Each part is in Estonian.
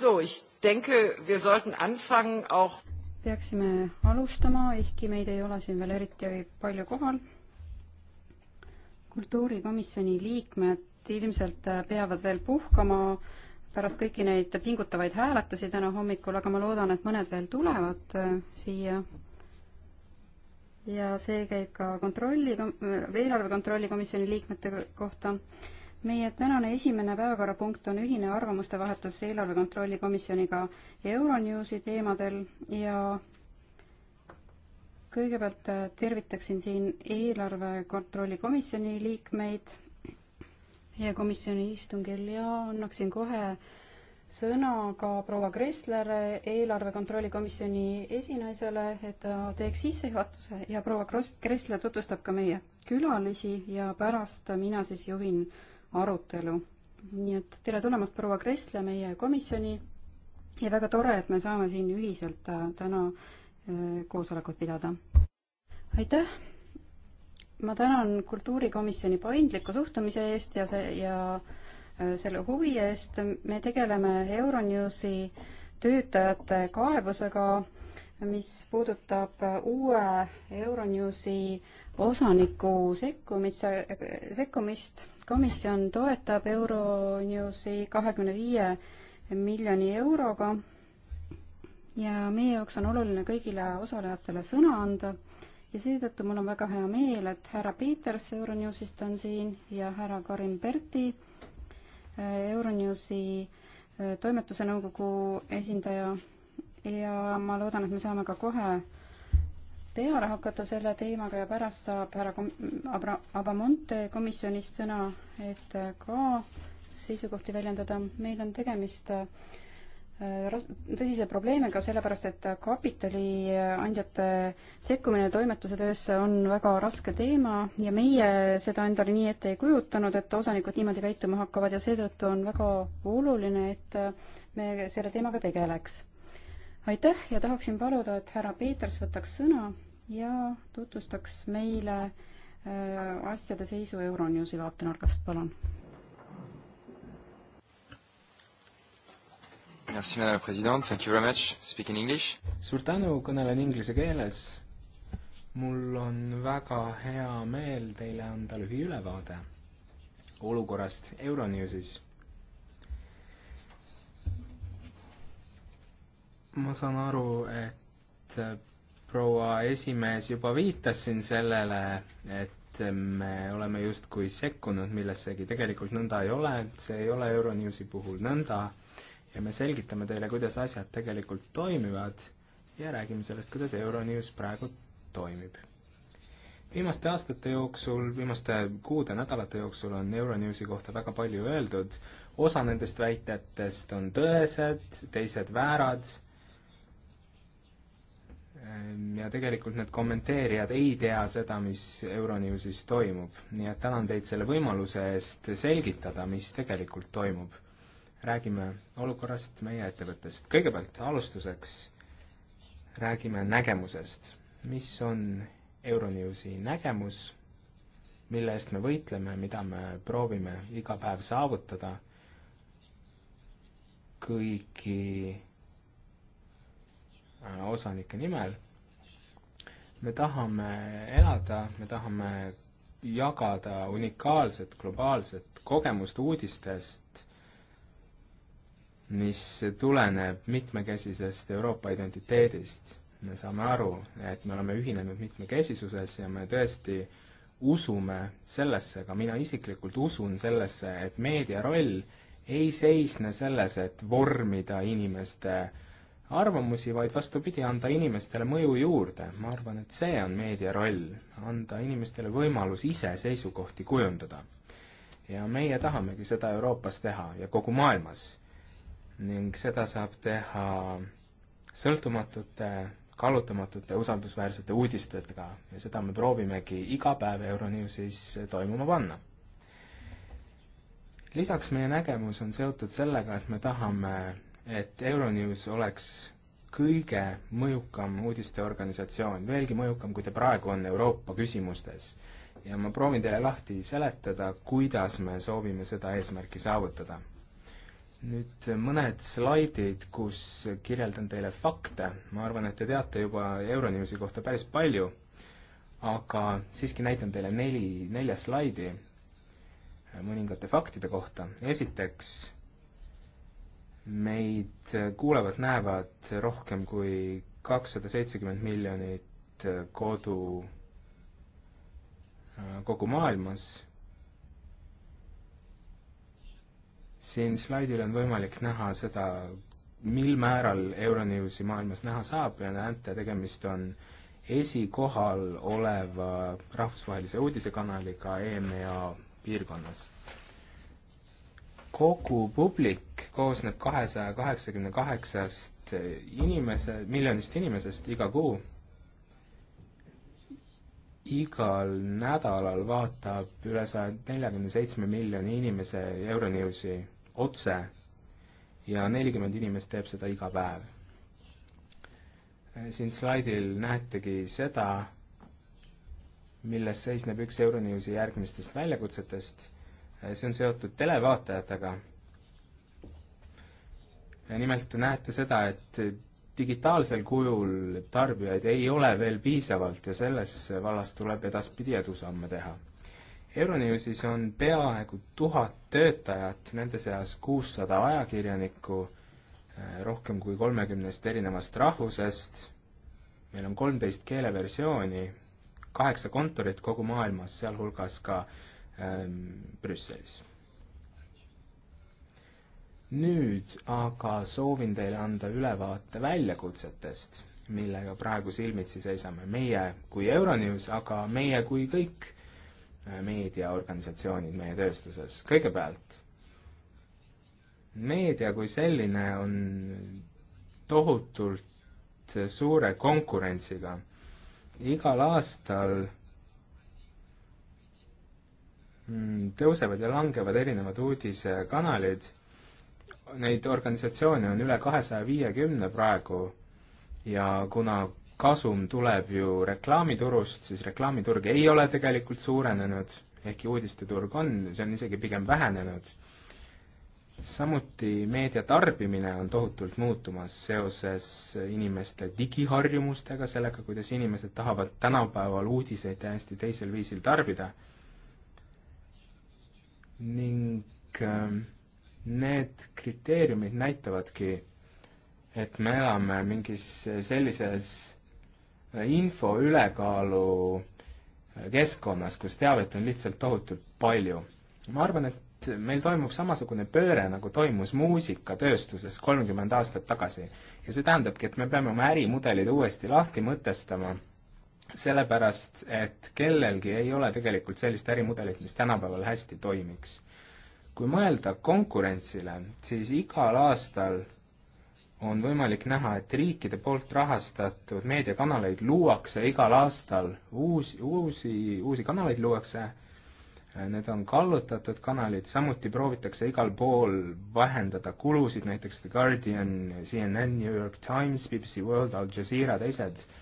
So, ich denke, wir sollten anfangen auch peaksime alustama, ehkki meid ei ole siin veel eriti palju kohal. kultuurikomisjoni liikmed ilmselt peavad veel puhkama pärast kõiki neid pingutavaid hääletusi täna hommikul, aga ma loodan, et mõned veel tulevad äh, siia. ja see käib ka kontrolli, eelarve kontrolli komisjoni liikmete kohta meie tänane esimene päevakorrapunkt on ühine arvamuste vahetus eelarve kontrolli komisjoniga Euronewsi teemadel ja kõigepealt äh, tervitaksin siin eelarve kontrolli komisjoni liikmeid meie komisjoni istungil ja annaksin kohe sõna ka proua Kresslere, eelarve kontrolli komisjoni esinaisele, et ta teeks sissejuhatuse ja proua Kressler tutvustab ka meie külalisi ja pärast mina siis juhin arutelu. nii et tere tulemast, proua Kressle, meie komisjoni ja väga tore, et me saame siin ühiselt äh, täna äh, koosolekut pidada. aitäh! ma tänan kultuurikomisjoni paindliku suhtumise eest ja see ja äh, selle huvi eest. me tegeleme Euronewsi töötajate kaebusega, mis puudutab uue Euronewsi osaniku sekkumisse, sekkumist komisjon toetab Euronewsi kahekümne viie miljoni euroga ja meie jaoks on oluline kõigile osalejatele sõna anda ja seetõttu mul on väga hea meel, et härra Peters Euronewsist on siin ja härra Karin Perti äh, Euronewsi äh, toimetuse nõukogu esindaja ja ma loodan, et me saame ka kohe peale hakata selle teemaga ja pärast saab härra kom-, Abra-, Abamonte komisjonist sõna, et ka seisukohti väljendada. meil on tegemist äh, tõsise probleemiga, sellepärast et kapitaliandjate äh, sekkumine toimetuse töösse on väga raske teema ja meie seda endale nii ette ei kujutanud, et osanikud niimoodi käituma hakkavad ja seetõttu on väga oluline, et äh, me selle teemaga tegeleks. aitäh ja tahaksin paluda, et härra Peeters võtaks sõna ja tutvustaks meile äh, asjade seisu Euronewsi vaatenurgast, palun. Merci madame la présidente, thank you very much, speak in english. suur tänu, kõnelen inglise keeles. mul on väga hea meel teile anda lühiülevaade olukorrast Euronewsis. ma saan aru, et proua esimees juba viitas siin sellele, et me oleme justkui sekkunud millessegi, tegelikult nõnda ei ole, see ei ole Euronewsi puhul nõnda ja me selgitame teile, kuidas asjad tegelikult toimivad ja räägime sellest, kuidas Euronews praegu toimib. viimaste aastate jooksul, viimaste kuude, nädalate jooksul on Euronewsi kohta väga palju öeldud, osa nendest väitetest on tõesed, teised väärad Ehm, ja tegelikult need kommenteerijad ei tea seda, mis Euronewsis toimub. nii et tänan teid selle võimaluse eest selgitada, mis tegelikult toimub. räägime olukorrast meie ettevõttest. kõigepealt alustuseks räägime nägemusest. mis on Euronewsi nägemus, mille eest me võitleme, mida me proovime iga päev saavutada, kõigi Äh, osanike nimel. me tahame elada, me tahame jagada unikaalset globaalset kogemust uudistest, mis tuleneb mitmekesisest Euroopa identiteedist. me saame aru, et me oleme ühinenud mitmekesisuses ja me tõesti usume sellesse, ka mina isiklikult usun sellesse, et meedia roll ei seisne selles, et vormida inimeste äh, arvamusi, vaid vastupidi, anda inimestele mõju juurde. ma arvan, et see on meedia roll, anda inimestele võimalus ise seisukohti kujundada. ja meie tahamegi seda Euroopas teha ja kogu maailmas. ning seda saab teha sõltumatute, kallutamatute, usaldusväärsete uudistega ja seda me proovimegi iga päev Euronewsis toimuma panna lisaks meie nägemus on seotud sellega, et me tahame et Euronews oleks kõige mõjukam uudisteorganisatsioon, veelgi mõjukam, kui ta praegu on Euroopa küsimustes. ja ma proovin teile lahti seletada, kuidas me soovime seda eesmärki saavutada. nüüd mõned slaidid, kus kirjeldan teile fakte, ma arvan, et te teate juba Euronewsi kohta päris palju, aga siiski näitan teile neli, nelja slaidi mõningate faktide kohta. esiteks meid kuulavad, näevad rohkem kui kakssada seitsekümmend miljonit kodu äh, kogu maailmas. siin slaidil on võimalik näha seda, mil määral Euronewsi maailmas näha saab ja näete, tegemist on esikohal oleva rahvusvahelise uudisekanaliga EMEA piirkonnas kogu publik koosneb kahesaja kaheksakümne kaheksast inimese, miljonist inimesest iga kuu. igal nädalal vaatab üle saja neljakümne seitsme miljoni inimese Euronewsi otse ja nelikümmend inimest teeb seda iga päev. siin slaidil näetegi seda, milles seisneb üks Euronewsi järgmistest väljakutsetest see on seotud televaatajatega. nimelt näete seda, et digitaalsel kujul tarbijaid ei ole veel piisavalt ja selles vallas tuleb edaspidi edusamme teha. Euronewsis on peaaegu tuhat töötajat, nende seas kuussada ajakirjanikku, eh, rohkem kui kolmekümnest erinevast rahvusest, meil on kolmteist keeleversiooni, kaheksa kontorit kogu maailmas, sealhulgas ka äh, Ähm, Brüsselis. nüüd aga soovin teile anda ülevaate väljakutsetest, millega praegu silmitsi seisame meie kui Euronews, aga meie kui kõik äh, meediaorganisatsioonid meie tööstuses. kõigepealt, meedia kui selline on tohutult suure konkurentsiga. igal aastal Mm, tõusevad ja langevad erinevad uudisekanalid, neid organisatsioone on üle kahesaja viiekümne praegu ja kuna kasum tuleb ju reklaamiturust, siis reklaamiturg ei ole tegelikult suurenenud, ehkki uudisteturg on, see on isegi pigem vähenenud. samuti meedia tarbimine on tohutult muutumas seoses inimeste digiharjumustega, sellega, kuidas inimesed tahavad tänapäeval uudiseid täiesti teisel viisil tarbida ning ähm, need kriteeriumid näitavadki, et me elame mingis sellises äh, info ülekaalu äh, keskkonnas, kus teavet on lihtsalt tohutult palju. ma arvan, et meil toimub samasugune pööre, nagu toimus muusikatööstuses kolmkümmend aastat tagasi. ja see tähendabki, et me peame oma ärimudelid uuesti lahti mõtestama sellepärast, et kellelgi ei ole tegelikult sellist ärimudelit, mis tänapäeval hästi toimiks. kui mõelda konkurentsile, siis igal aastal on võimalik näha, et riikide poolt rahastatud meediakanaleid luuakse igal aastal uus, uusi, uusi kanaleid luuakse, need on kallutatud kanalid, samuti proovitakse igal pool vahendada kulusid, näiteks The Guardian, CNN, New York Times, BBC World, Al Jazeera, teised äh,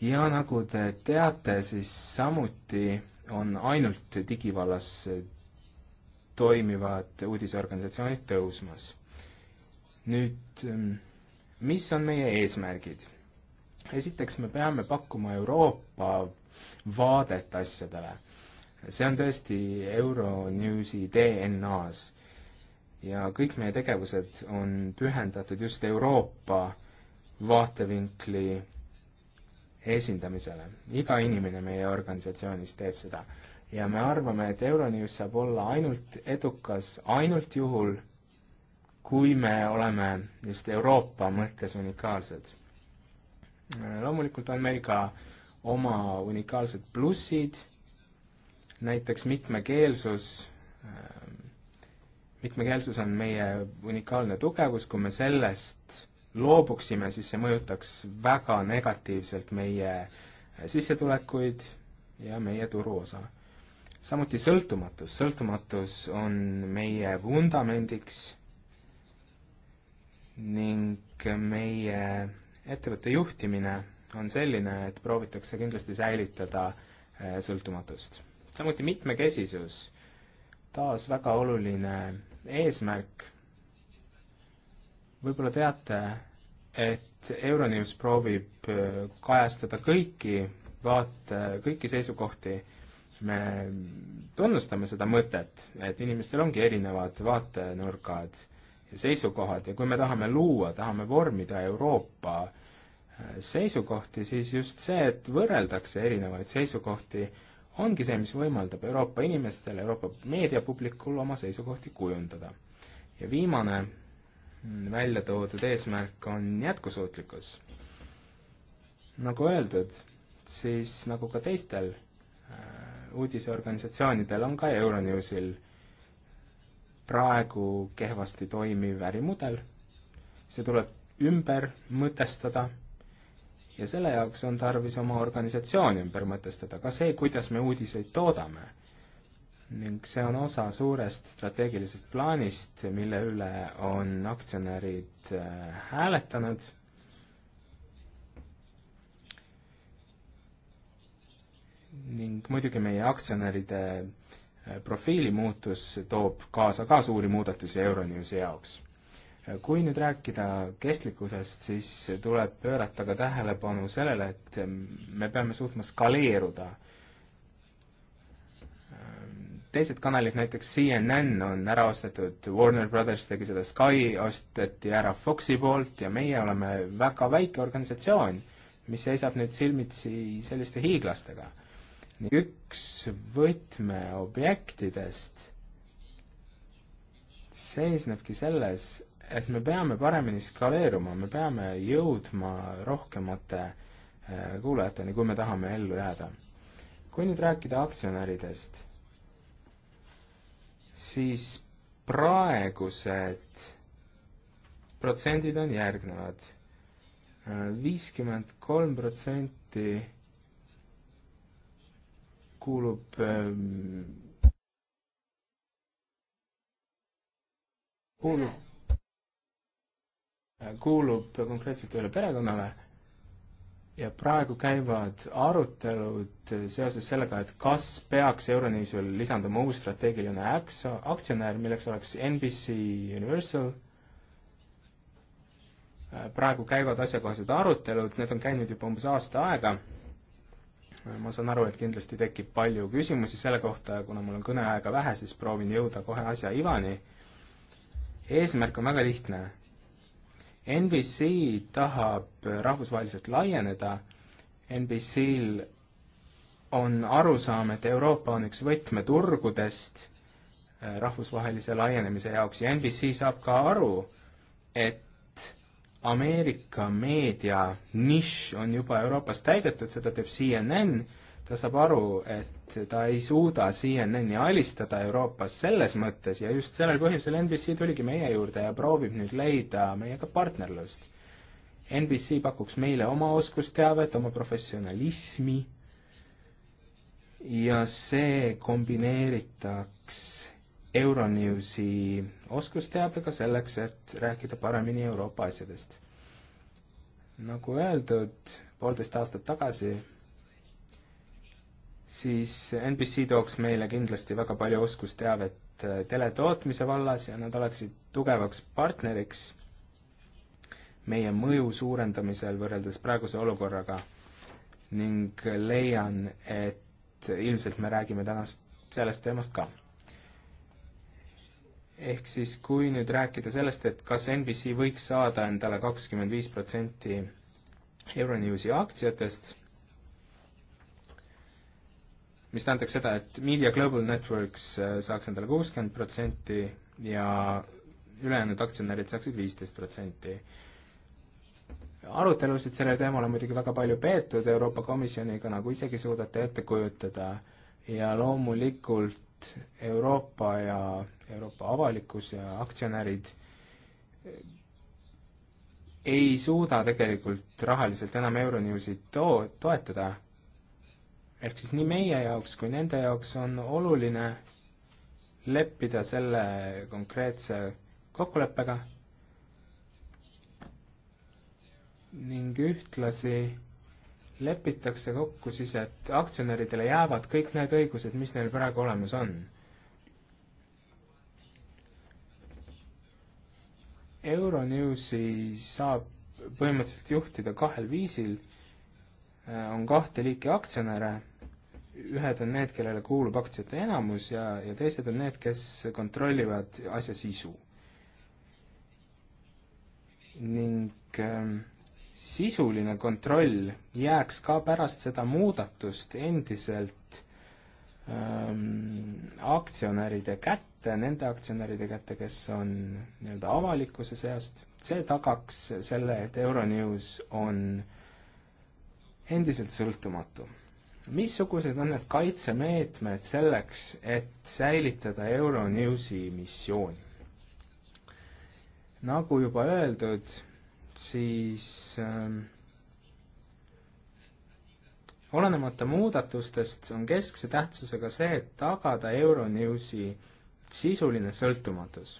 ja nagu te teate, siis samuti on ainult digivallas toimivad uudisorganisatsioonid tõusmas. nüüd, ähm, mis on meie eesmärgid? esiteks, me peame pakkuma Euroopa vaadet asjadele. see on tõesti Euronewsi DNA-s. ja kõik meie tegevused on pühendatud just Euroopa vaatevinkli esindamisele. iga inimene meie organisatsioonis teeb seda. ja me arvame, et Euronews saab olla ainult edukas ainult juhul, kui me oleme just Euroopa mõttes unikaalsed. loomulikult on meil ka oma unikaalsed plussid, näiteks mitmekeelsus, mitmekeelsus on meie unikaalne tugevus, kui me sellest loobuksime, siis see mõjutaks väga negatiivselt meie sissetulekuid ja meie turuosa. samuti sõltumatus, sõltumatus on meie vundamendiks ning meie ettevõtte juhtimine on selline, et proovitakse kindlasti säilitada äh, sõltumatust. samuti mitmekesisus, taas väga oluline eesmärk. võib-olla teate, et Euronews proovib äh, kajastada kõiki vaate, kõiki seisukohti, me tunnustame seda mõtet, et inimestel ongi erinevad vaatenurgad ja seisukohad ja kui me tahame luua, tahame vormida Euroopa äh, seisukohti, siis just see, et võrreldakse erinevaid seisukohti, ongi see, mis võimaldab Euroopa inimestel, Euroopa meediapublikul oma seisukohti kujundada. ja viimane Mm, välja toodud eesmärk on jätkusuutlikkus. nagu öeldud, siis nagu ka teistel äh, uudiseorganisatsioonidel on ka Euronewsil praegu kehvasti toimiv ärimudel, see tuleb ümber mõtestada ja selle jaoks on tarvis oma organisatsiooni ümber mõtestada, ka see, kuidas me uudiseid toodame ning see on osa suurest strateegilisest plaanist, mille üle on aktsionärid äh, hääletanud. ning muidugi meie aktsionäride äh, profiili muutus toob kaasa ka suuri muudatusi Euronewsi jaoks. Äh, kui nüüd rääkida kestlikkusest, siis tuleb pöörata ka tähelepanu sellele, et mm, me peame suutma skaleeruda teised kanalid, näiteks CNN on ära ostetud, Warner Brothers tegi seda, Sky osteti ära Foxi poolt ja meie oleme väga väike organisatsioon, mis seisab nüüd silmitsi selliste hiiglastega. üks võtmeobjektidest seisnebki selles, et me peame paremini skaleeruma, me peame jõudma rohkemate eh, kuulajateni, kui me tahame ellu jääda. kui nüüd rääkida aktsionäridest siis praegused protsendid on järgnevad. viiskümmend kolm protsenti kuulub ähm, kuulub, kuulub konkreetselt ühele perekonnale ja praegu käivad arutelud seoses sellega, et kas peaks Euronewsile lisanduma uus strateegiline aktsia-, aktsionär, milleks oleks NBC Universal, praegu käivad asjakohased arutelud, need on käinud juba umbes aasta aega, ma saan aru, et kindlasti tekib palju küsimusi selle kohta ja kuna mul on kõneaega vähe, siis proovin jõuda kohe asja ivani. eesmärk on väga lihtne NBC tahab rahvusvaheliselt laieneda, NBC-l on arusaam, et Euroopa on üks võtmeturgudest äh, rahvusvahelise laienemise jaoks ja NBC saab ka aru, et Ameerika meedia nišš on juba Euroopas täidetud, seda teeb CNN, ta saab aru, et ta ei suuda CNN-i alistada Euroopas selles mõttes ja just sellel põhjusel NBC tuligi meie juurde ja proovib nüüd leida meiega partnerlust. NBC pakuks meile oma oskusteavet, oma professionalismi ja see kombineeritaks Euronewsi oskusteabega selleks, et rääkida paremini Euroopa asjadest. nagu öeldud, poolteist aastat tagasi siis NBC tooks meile kindlasti väga palju oskusteavet äh, teletootmise vallas ja nad oleksid tugevaks partneriks meie mõju suurendamisel võrreldes praeguse olukorraga ning leian, et ilmselt me räägime tänast, sellest teemast ka. ehk siis, kui nüüd rääkida sellest, et kas NBC võiks saada endale kakskümmend viis protsenti Euronewsi aktsiatest mis tähendaks seda, et Media Global Networks äh, saaks endale kuuskümmend protsenti ja ülejäänud aktsionärid saaksid viisteist protsenti. arutelusid sellel teemal on muidugi väga palju peetud Euroopa Komisjoniga, nagu isegi suudate ette kujutada, ja loomulikult Euroopa ja Euroopa avalikkus ja aktsionärid äh, ei suuda tegelikult rahaliselt enam Euronewsid to-, toetada ehk siis nii meie jaoks kui nende jaoks on oluline leppida selle konkreetse kokkuleppega ning ühtlasi lepitakse kokku siis, et aktsionäridele jäävad kõik need õigused, mis neil praegu olemas on. Euronewsi saab põhimõtteliselt juhtida kahel viisil, on kahte liiki aktsionäre ühed on need, kellele kuulub aktsiate enamus ja, ja teised on need, kes kontrollivad asja sisu. ning äh, sisuline kontroll jääks ka pärast seda muudatust endiselt ähm, aktsionäride kätte, nende aktsionäride kätte, kes on nii-öelda avalikkuse seast, see tagaks selle, et Euronews on endiselt sõltumatu missugused on need kaitsemeetmed selleks, et säilitada Euronewsi missiooni? nagu juba öeldud, siis äh, olenemata muudatustest on keskse tähtsusega see, et tagada Euronewsi sisuline sõltumatus.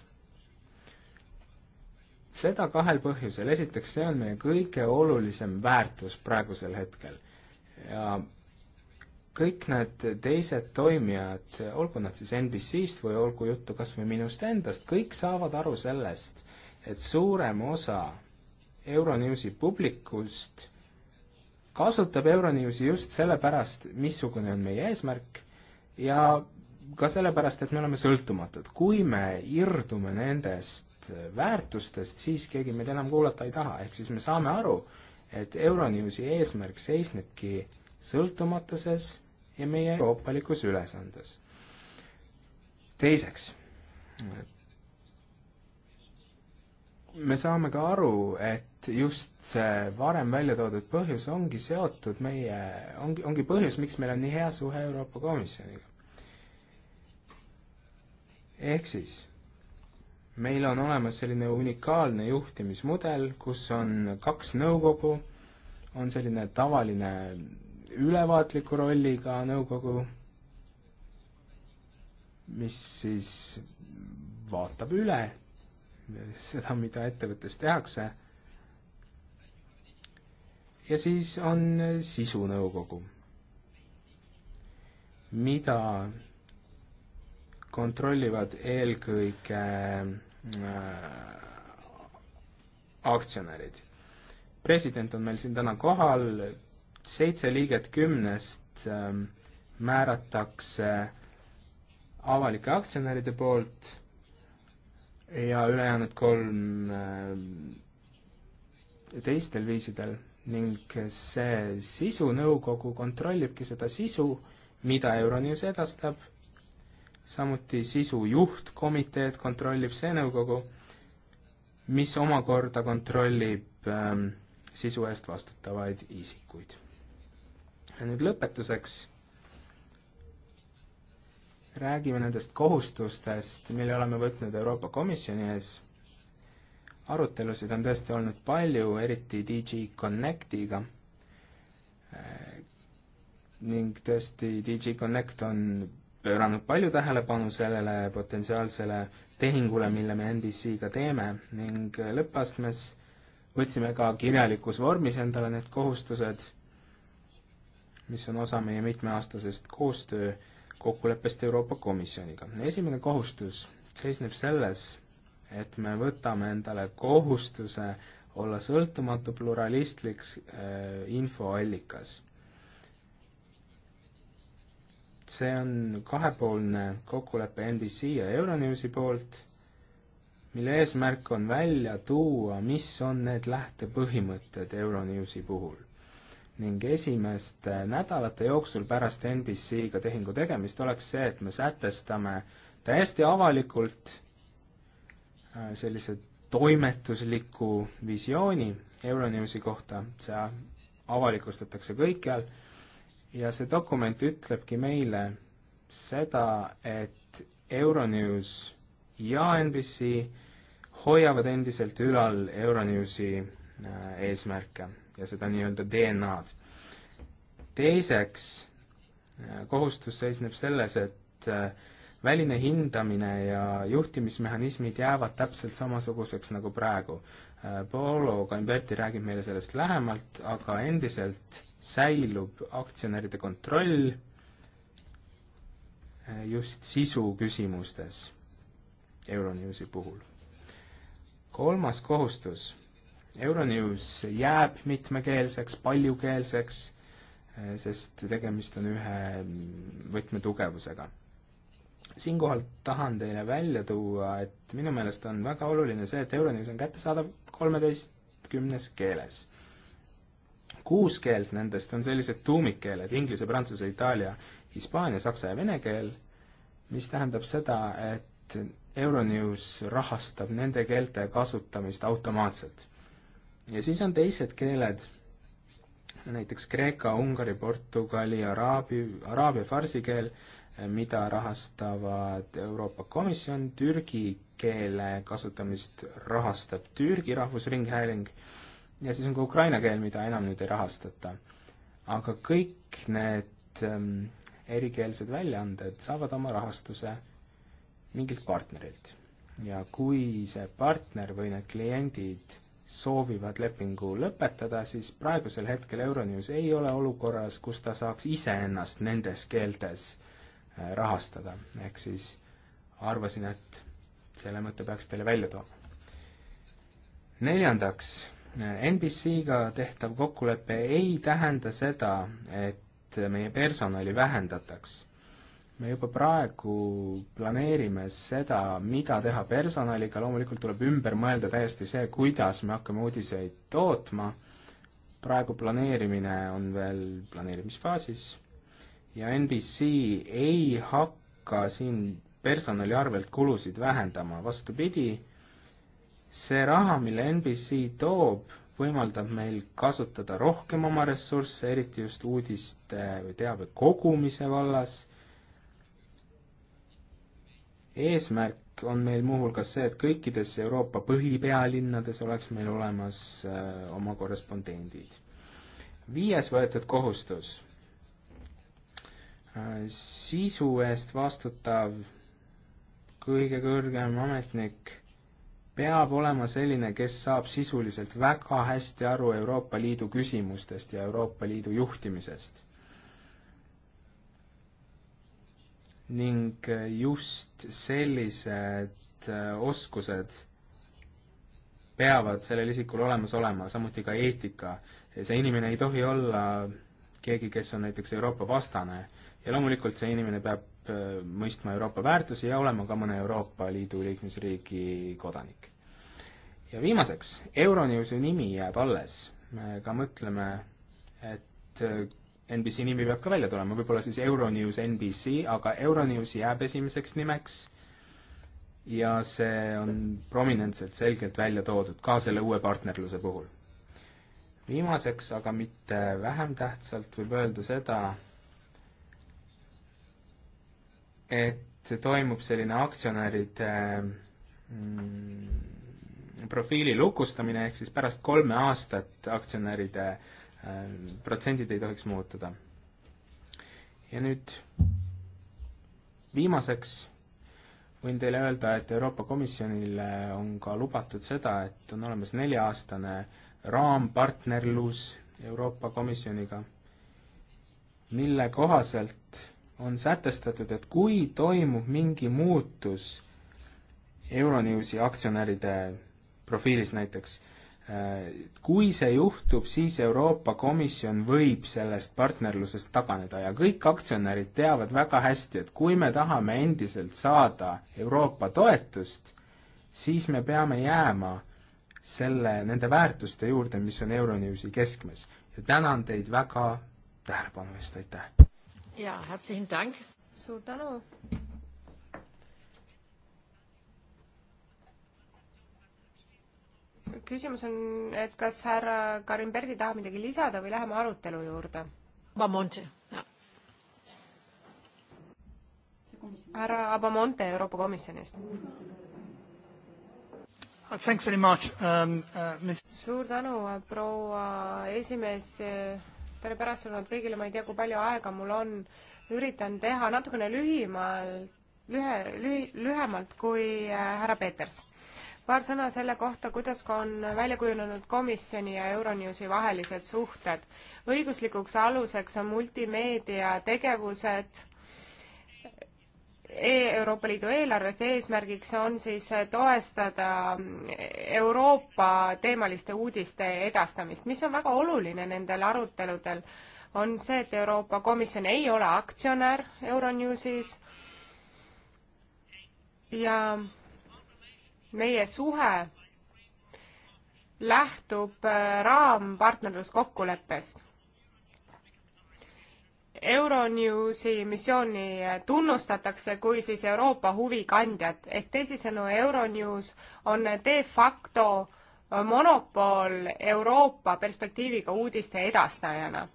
seda kahel põhjusel, esiteks see on meie kõige olulisem väärtus praegusel hetkel ja kõik need teised toimijad, olgu nad siis NBC-st või olgu juttu kas või minust endast, kõik saavad aru sellest, et suurem osa Euronewsi publikust kasutab Euronewsi just sellepärast, missugune on meie eesmärk ja ka sellepärast, et me oleme sõltumatud. kui me irdume nendest väärtustest, siis keegi meid enam kuulata ei taha, ehk siis me saame aru, et Euronewsi eesmärk seisnebki sõltumatuses ja meie euroopalikus ülesandes. teiseks, me saame ka aru, et just see varem välja toodud põhjus ongi seotud meie, ongi, ongi põhjus, miks meil on nii hea suhe Euroopa Komisjoniga. ehk siis, meil on olemas selline unikaalne juhtimismudel, kus on kaks nõukogu, on selline tavaline ülevaatliku rolliga nõukogu, mis siis vaatab üle seda, mida ettevõttes tehakse. ja siis on sisunõukogu, mida kontrollivad eelkõige äh, aktsionärid. president on meil siin täna kohal, seitse liiget kümnest ähm, määratakse avalike aktsionäride poolt ja ülejäänud kolm ähm, teistel viisidel ning see sisunõukogu kontrollibki seda sisu, mida Euronews edastab, samuti sisu juhtkomiteed kontrollib see nõukogu, mis omakorda kontrollib ähm, sisu eest vastutavaid isikuid ja nüüd lõpetuseks räägime nendest kohustustest, mille oleme võtnud Euroopa Komisjoni ees. arutelusid on tõesti olnud palju, eriti DG Connectiga ning tõesti, DG Connect on pööranud palju tähelepanu sellele potentsiaalsele tehingule, mille me NBC-ga teeme ning lõppastmes võtsime ka kirjalikus vormis endale need kohustused mis on osa meie mitmeaastasest koostöö kokkuleppest Euroopa Komisjoniga. esimene kohustus seisneb selles, et me võtame endale kohustuse olla sõltumatu pluralistlik äh, infoallikas. see on kahepoolne kokkulepe NBC ja Euronewsi poolt, mille eesmärk on välja tuua, mis on need lähtepõhimõtted Euronewsi puhul ning esimeste nädalate jooksul pärast NBC-ga tehingu tegemist oleks see, et me sätestame täiesti avalikult äh, sellise toimetusliku visiooni Euronewsi kohta, see avalikustatakse kõikjal ja see dokument ütlebki meile seda, et Euronews ja NBC hoiavad endiselt ülal Euronewsi äh, eesmärke ja seda nii-öelda DNA-d. teiseks, äh, kohustus seisneb selles, et äh, väline hindamine ja juhtimismehhanismid jäävad täpselt samasuguseks nagu praegu. Äh, Paolo Converti räägib meile sellest lähemalt, aga endiselt säilub aktsionäride kontroll just sisu küsimustes Euronewsi puhul. kolmas kohustus Euronews jääb mitmekeelseks, paljukeelseks, eh, sest tegemist on ühe mm, võtmetugevusega. siinkohal tahan teile välja tuua, et minu meelest on väga oluline see, et Euronews on kättesaadav kolmeteistkümnes keeles. kuus keelt nendest on sellised tuumikkeeled, inglise, prantsuse, itaalia, hispaania, saksa ja vene keel, mis tähendab seda, et Euronews rahastab nende keelte kasutamist automaatselt ja siis on teised keeled, näiteks kreeka, ungari, portugali, araabi, araabia farsi keel, mida rahastavad Euroopa Komisjon, türgi keele kasutamist rahastab Türgi Rahvusringhääling ja siis on ka ukraina keel, mida enam nüüd ei rahastata. aga kõik need ähm, erikeelsed väljaanded saavad oma rahastuse mingilt partnerilt. ja kui see partner või need kliendid soovivad lepingu lõpetada, siis praegusel hetkel Euronews ei ole olukorras, kus ta saaks iseennast nendes keeltes äh, rahastada, ehk siis arvasin, et selle mõtte peaks teile välja tooma. neljandaks, äh, NBC-ga tehtav kokkulepe ei tähenda seda, et meie personali vähendataks me juba praegu planeerime seda, mida teha personaliga, loomulikult tuleb ümber mõelda täiesti see, kuidas me hakkame uudiseid tootma, praegu planeerimine on veel planeerimisfaasis ja NBC ei hakka siin personali arvelt kulusid vähendama, vastupidi, see raha, mille NBC toob, võimaldab meil kasutada rohkem oma ressursse, eriti just uudiste või teabe kogumise vallas eesmärk on meil muuhulgas see, et kõikides Euroopa põhipealinnades oleks meil olemas äh, oma korrespondendid. viies võetud kohustus. Äh, sisu eest vastutav kõige kõrgem ametnik peab olema selline, kes saab sisuliselt väga hästi aru Euroopa Liidu küsimustest ja Euroopa Liidu juhtimisest ning just sellised äh, oskused peavad sellel isikul olemas olema, samuti ka eetika. see inimene ei tohi olla keegi, kes on näiteks Euroopa vastane ja loomulikult see inimene peab äh, mõistma Euroopa väärtusi ja olema ka mõne Euroopa Liidu liikmesriigi kodanik. ja viimaseks, Euronewsi nimi jääb alles. me ka mõtleme, et äh, NBC nimi peab ka välja tulema, võib-olla siis Euronews NBC, aga Euronews jääb esimeseks nimeks ja see on prominentselt selgelt välja toodud ka selle uue partnerluse puhul. viimaseks, aga mitte vähem tähtsalt, võib öelda seda, et toimub selline aktsionäride mm, profiili lukustamine, ehk siis pärast kolme aastat aktsionäride äh, Äh, protsendid ei tohiks muutuda. ja nüüd viimaseks võin teile öelda, et Euroopa Komisjonile on ka lubatud seda, et on olemas nelja-aastane raampartnerlus Euroopa Komisjoniga, mille kohaselt on sätestatud, et kui toimub mingi muutus Euronewsi aktsionäride profiilis näiteks, Äh, kui see juhtub, siis Euroopa Komisjon võib sellest partnerlusest taganeda ja kõik aktsionärid teavad väga hästi, et kui me tahame endiselt saada Euroopa toetust, siis me peame jääma selle, nende väärtuste juurde, mis on Euronewsi keskmes. ja tänan teid väga tähelepanu eest, aitäh! jaa, herzlichen Dank! suur tänu! küsimus on, et kas härra Karin Perdi tahab midagi lisada või läheme arutelu juurde? härra Abamonte Euroopa Komisjonist. Thanks very much um,, uh, mis suur tänu, proua esimees, tere pärastlõunat kõigile, ma ei tea, kui palju aega mul on, üritan teha natukene lühimalt, lühe, lühi-, lühemalt kui äh, härra Peeters paar sõna selle kohta, kuidas on välja kujunenud komisjoni ja Euronewsi vahelised suhted. õiguslikuks aluseks on multimeedia tegevused e Euroopa Liidu eelarvest ja eesmärgiks on siis toestada Euroopa teemaliste uudiste edastamist, mis on väga oluline nendel aruteludel, on see, et Euroopa Komisjon ei ole aktsionär Euronewsis ja meie suhe lähtub äh, raampartnerluskokkuleppest. Euronewsi missiooni äh, tunnustatakse kui siis Euroopa huvikandjat ehk teisisõnu, Euronews on äh, de facto monopol Euroopa perspektiiviga uudiste edastajana.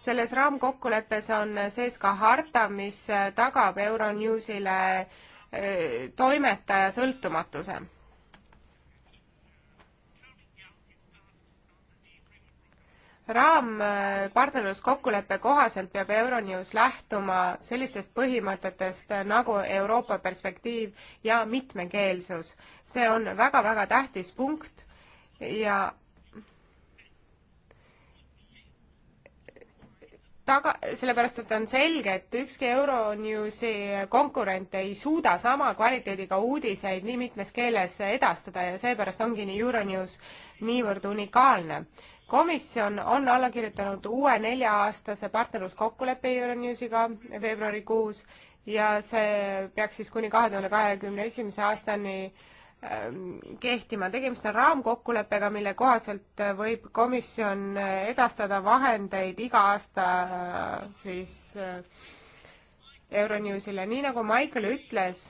selles raamkokkuleppes on sees ka harta, mis tagab Euronewsile äh, toimetaja sõltumatuse. raampartnerluskokkuleppe kohaselt peab Euronews lähtuma sellistest põhimõtetest nagu Euroopa perspektiiv ja mitmekeelsus. see on väga-väga tähtis punkt ja taga, sellepärast et on selge, et ükski Euronewsi konkurent ei suuda sama kvaliteediga uudiseid nii mitmes keeles edastada ja seepärast ongi nii Euronews niivõrd unikaalne. komisjon on alla kirjutanud uue nelja-aastase partnerluskokkuleppe Euronewsiga veebruarikuus ja see peaks siis kuni kahe tuhande kahekümne esimese aastani Ähm, kehtima. tegemist on raamkokkuleppega, mille kohaselt võib komisjon edastada vahendeid iga aasta äh, siis äh, Euronewsile. nii nagu Michael ütles,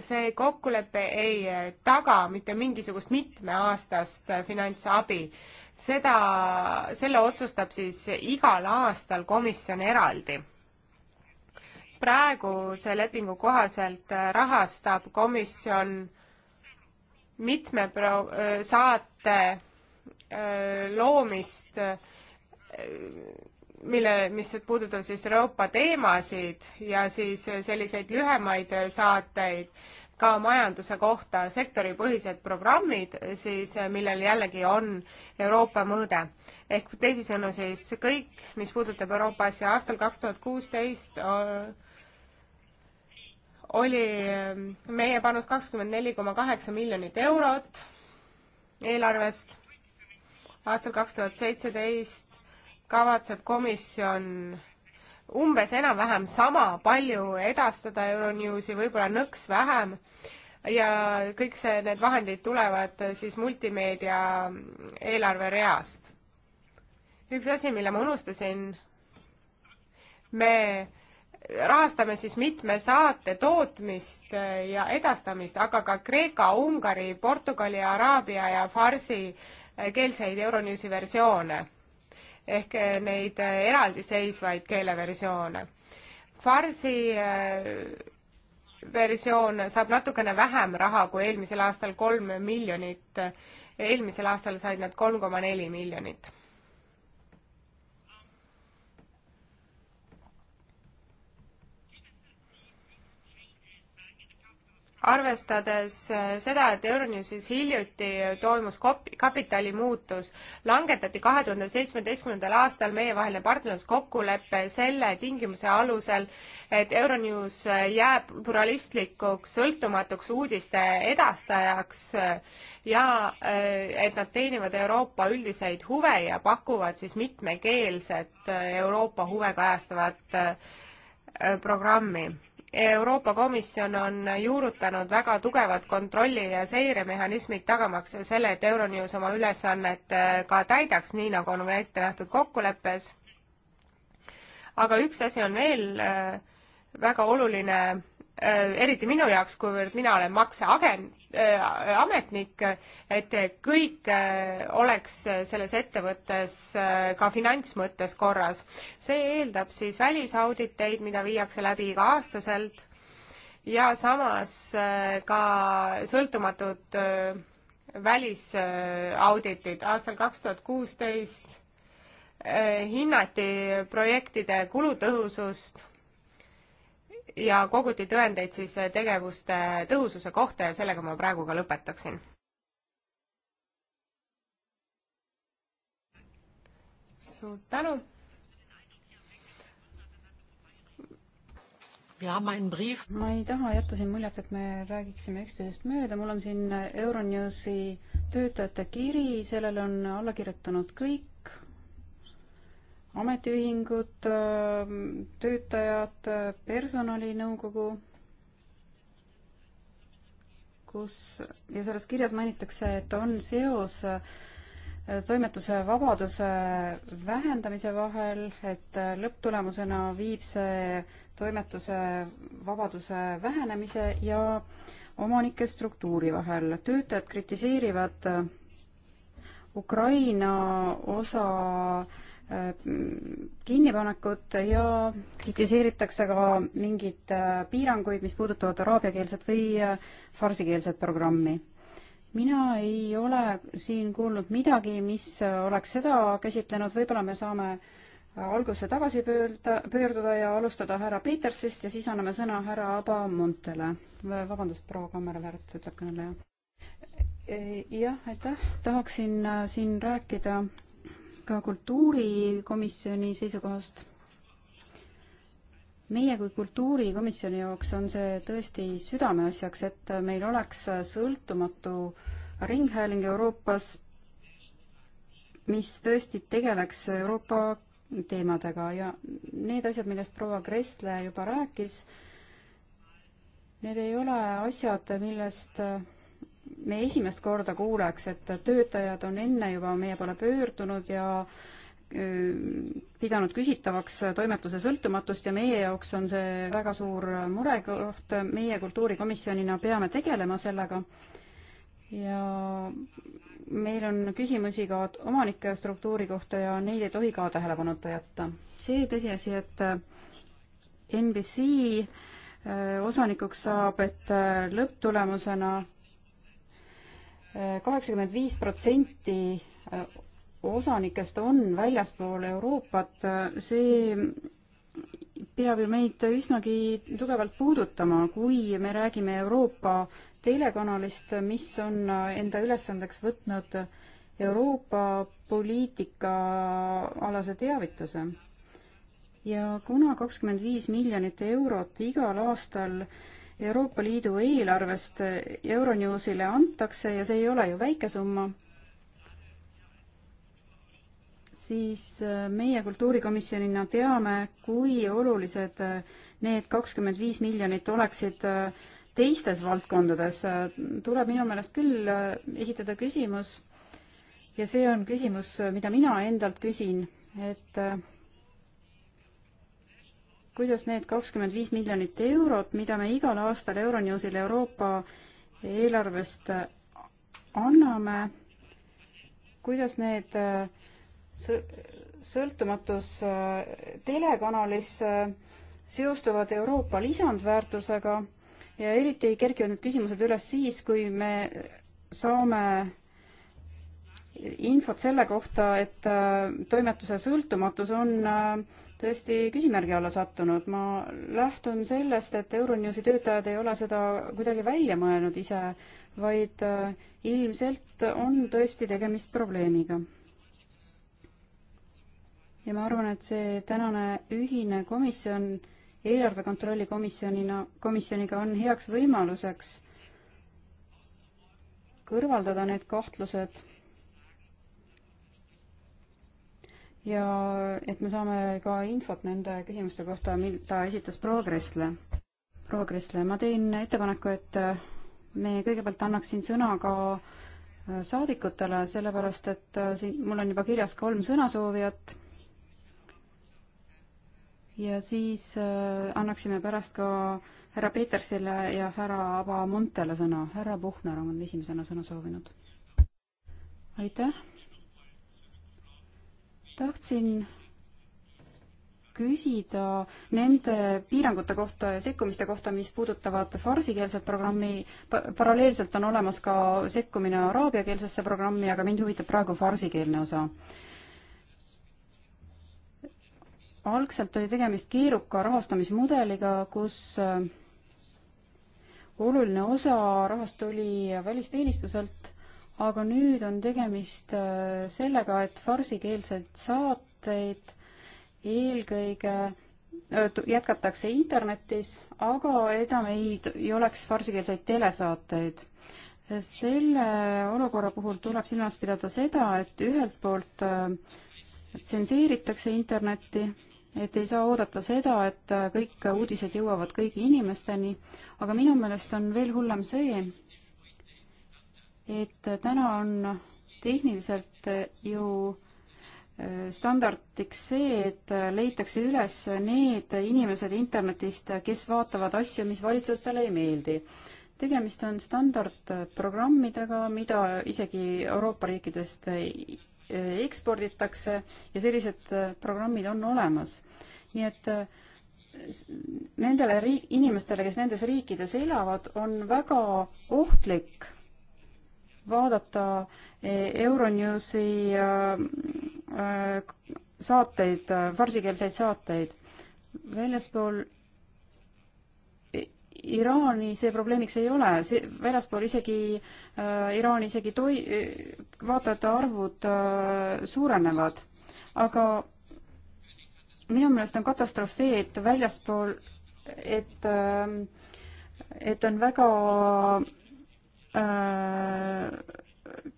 see kokkulepe ei taga mitte mingisugust mitmeaastast finantsabi. seda, selle otsustab siis igal aastal komisjon eraldi praeguse lepingu kohaselt rahastab komisjon mitme pro-, saate loomist, mille, mis puudutab siis Euroopa teemasid ja siis selliseid lühemaid saateid ka majanduse kohta, sektoripõhised programmid siis, millel jällegi on Euroopa mõõde. ehk teisisõnu siis kõik, mis puudutab Euroopa asja aastal kaks tuhat kuusteist oli ähm, meie panus kakskümmend neli koma kaheksa miljonit eurot eelarvest. aastal kaks tuhat seitseteist kavatseb komisjon umbes enam-vähem sama palju edastada Euronewsi, võib-olla nõks vähem ja kõik see, need vahendid tulevad äh, siis multimeedia eelarvereast. üks asi, mille ma unustasin, me rahastame siis mitme saate tootmist ja edastamist, aga ka Kreeka, Ungari, Portugali, Araabia ja Farsi keelseid Euronewsi versioone ehk neid eraldiseisvaid keeleversioone. Farsi eh, versioon saab natukene vähem raha kui eelmisel aastal kolm miljonit, eelmisel aastal said nad kolm koma neli miljonit arvestades äh, seda, et Euronewsis hiljuti toimus kop-, kapitali muutus, langetati kahe tuhande seitsmeteistkümnendal aastal meievaheline partnerluskokkulepe selle tingimuse alusel, et Euronews äh, jääb pluralistlikuks, sõltumatuks uudiste edastajaks äh, ja et nad teenivad Euroopa üldiseid huve ja pakuvad siis mitmekeelset Euroopa huve kajastavat programmi Euroopa Komisjon on juurutanud väga tugevad kontrolli- ja seiremehhanismid, tagamaks selle, et Euronews oma ülesannet äh, ka täidaks, nii nagu on ette nähtud kokkuleppes. aga üks asi on veel äh, väga oluline, äh, eriti minu jaoks, kuivõrd mina olen makseagent, Äh, ametnik, et kõik äh, oleks selles ettevõttes äh, ka finantsmõttes korras. see eeldab siis välisauditeid, mida viiakse läbi iga-aastaselt ja samas ka sõltumatud välisauditid. aastal kaks tuhat kuusteist hinnati projektide kulutõhusust ja koguti tõendeid siis tegevuste tõhususe kohta ja sellega ma praegu ka lõpetaksin. suur tänu. ma ei taha jätta siin muljet, et me räägiksime üksteisest mööda, mul on siin Euronewsi töötajate kiri, sellele on alla kirjutanud kõik ametiühingud, äh, töötajad, äh, personalinõukogu, kus ja selles kirjas mainitakse, et on seos äh, toimetuse vabaduse vähendamise vahel, et lõpptulemusena viib see toimetuse vabaduse vähenemise ja omanike struktuuri vahel. töötajad kritiseerivad Ukraina osa äh, kinnipanekut ja kritiseeritakse ka mingeid äh, piiranguid, mis puudutavad araabiakeelset või äh, farsikeelset programmi. mina ei ole siin kuulnud midagi, mis oleks seda käsitlenud, võib-olla me saame algusse tagasi pöörda, pöörduda ja alustada härra Petersist ja siis anname sõna härra Abamontele. vabandust, proua kaameraväärt, ütleb kõneleja. E, jah, aitäh, tahaksin äh, siin rääkida ka kultuurikomisjoni seisukohast. meie kui kultuurikomisjoni jaoks on see tõesti südameasjaks, et meil oleks sõltumatu ringhääling Euroopas, mis tõesti tegeleks Euroopa teemadega ja need asjad, millest proua Kressle juba rääkis, need ei ole asjad, millest me esimest korda kuuleks, et töötajad on enne juba meie poole pöördunud ja pidanud küsitavaks toimetuse sõltumatust ja meie jaoks on see väga suur murekoht, meie kultuurikomisjonina peame tegelema sellega ja meil on küsimusi ka omanike struktuuri kohta ja neid ei tohi ka tähelepanuta jätta. see tõsiasi, et NBC osanikuks saab, et lõpptulemusena kaheksakümmend viis protsenti äh, osanikest on väljaspool Euroopat, äh, see peab ju meid üsnagi tugevalt puudutama, kui me räägime Euroopa telekanalist, mis on äh, enda ülesandeks võtnud Euroopa poliitikaalase teavituse. ja kuna kakskümmend viis miljonit eurot igal aastal äh, Euroopa Liidu eelarvest Euronewsile antakse ja see ei ole ju väike summa, siis äh, meie kultuurikomisjonina teame, kui olulised äh, need kakskümmend viis miljonit oleksid äh, teistes valdkondades. tuleb minu meelest küll esitada küsimus ja see on küsimus, mida mina endalt küsin, et kuidas need kakskümmend viis miljonit eurot, mida me igal aastal Euronewsile Euroopa eelarvest anname, kuidas need äh, sõltumatus äh, telekanalis äh, seostuvad Euroopa lisandväärtusega ja eriti kerkivad need küsimused üles siis, kui me saame infot selle kohta, et toimetuse sõltumatus on äh, tõesti küsimärgi alla sattunud. ma lähtun sellest, et Euronewsi töötajad ei ole seda kuidagi välja mõelnud ise, vaid äh, ilmselt on tõesti tegemist probleemiga. ja ma arvan, et see tänane ühine komisjon eelarve kontrolli komisjonina, komisjoniga on heaks võimaluseks kõrvaldada need kahtlused ja et me saame ka infot nende küsimuste kohta, mida esitas proua Kressle. proua Kressle, ma teen ettepaneku, et me kõigepealt annaksin sõna ka äh, saadikutele, sellepärast et äh, siin mul on juba kirjas kolm sõnasoovijat. ja siis äh, annaksime pärast ka härra Petersile ja härra Aba Montele sõna. härra Puhner on esimesena sõna soovinud. aitäh tahtsin küsida nende piirangute kohta ja sekkumiste kohta, mis puudutavad farsikeelset programmi. paralleelselt on olemas ka sekkumine araabiakeelsesse programmi, aga mind huvitab praegu farsikeelne osa. algselt oli tegemist keeruka rahastamismudeliga, kus äh, oluline osa rahast tuli välisteenistuselt aga nüüd on tegemist äh, sellega, et farsikeelseid saateid eelkõige äh, jätkatakse internetis, aga enam ei, ei oleks farsikeelseid telesaateid. selle olukorra puhul tuleb silmas pidada seda, et ühelt poolt äh, tsenseeritakse internetti, et ei saa oodata seda, et kõik uudised jõuavad kõigi inimesteni, aga minu meelest on veel hullem see, et täna on tehniliselt ju äh, standardiks see, et äh, leitakse üles need inimesed internetist, kes vaatavad asju, mis valitsustele ei meeldi. tegemist on standardprogrammidega, mida isegi Euroopa riikidest äh, eksporditakse ja sellised programmid on olemas. nii et nendele riik-, inimestele, kes nendes riikides elavad, on väga ohtlik vaadata e, Euronewsi e, saateid, farsikeelseid saateid. väljaspool Iraani see probleemiks ei ole, see väljaspool isegi äh, Iraani isegi toi-, vaatajate arvud äh, suurenevad. aga minu meelest on katastroof see, et väljaspool, et äh,, et on väga äh, Äh,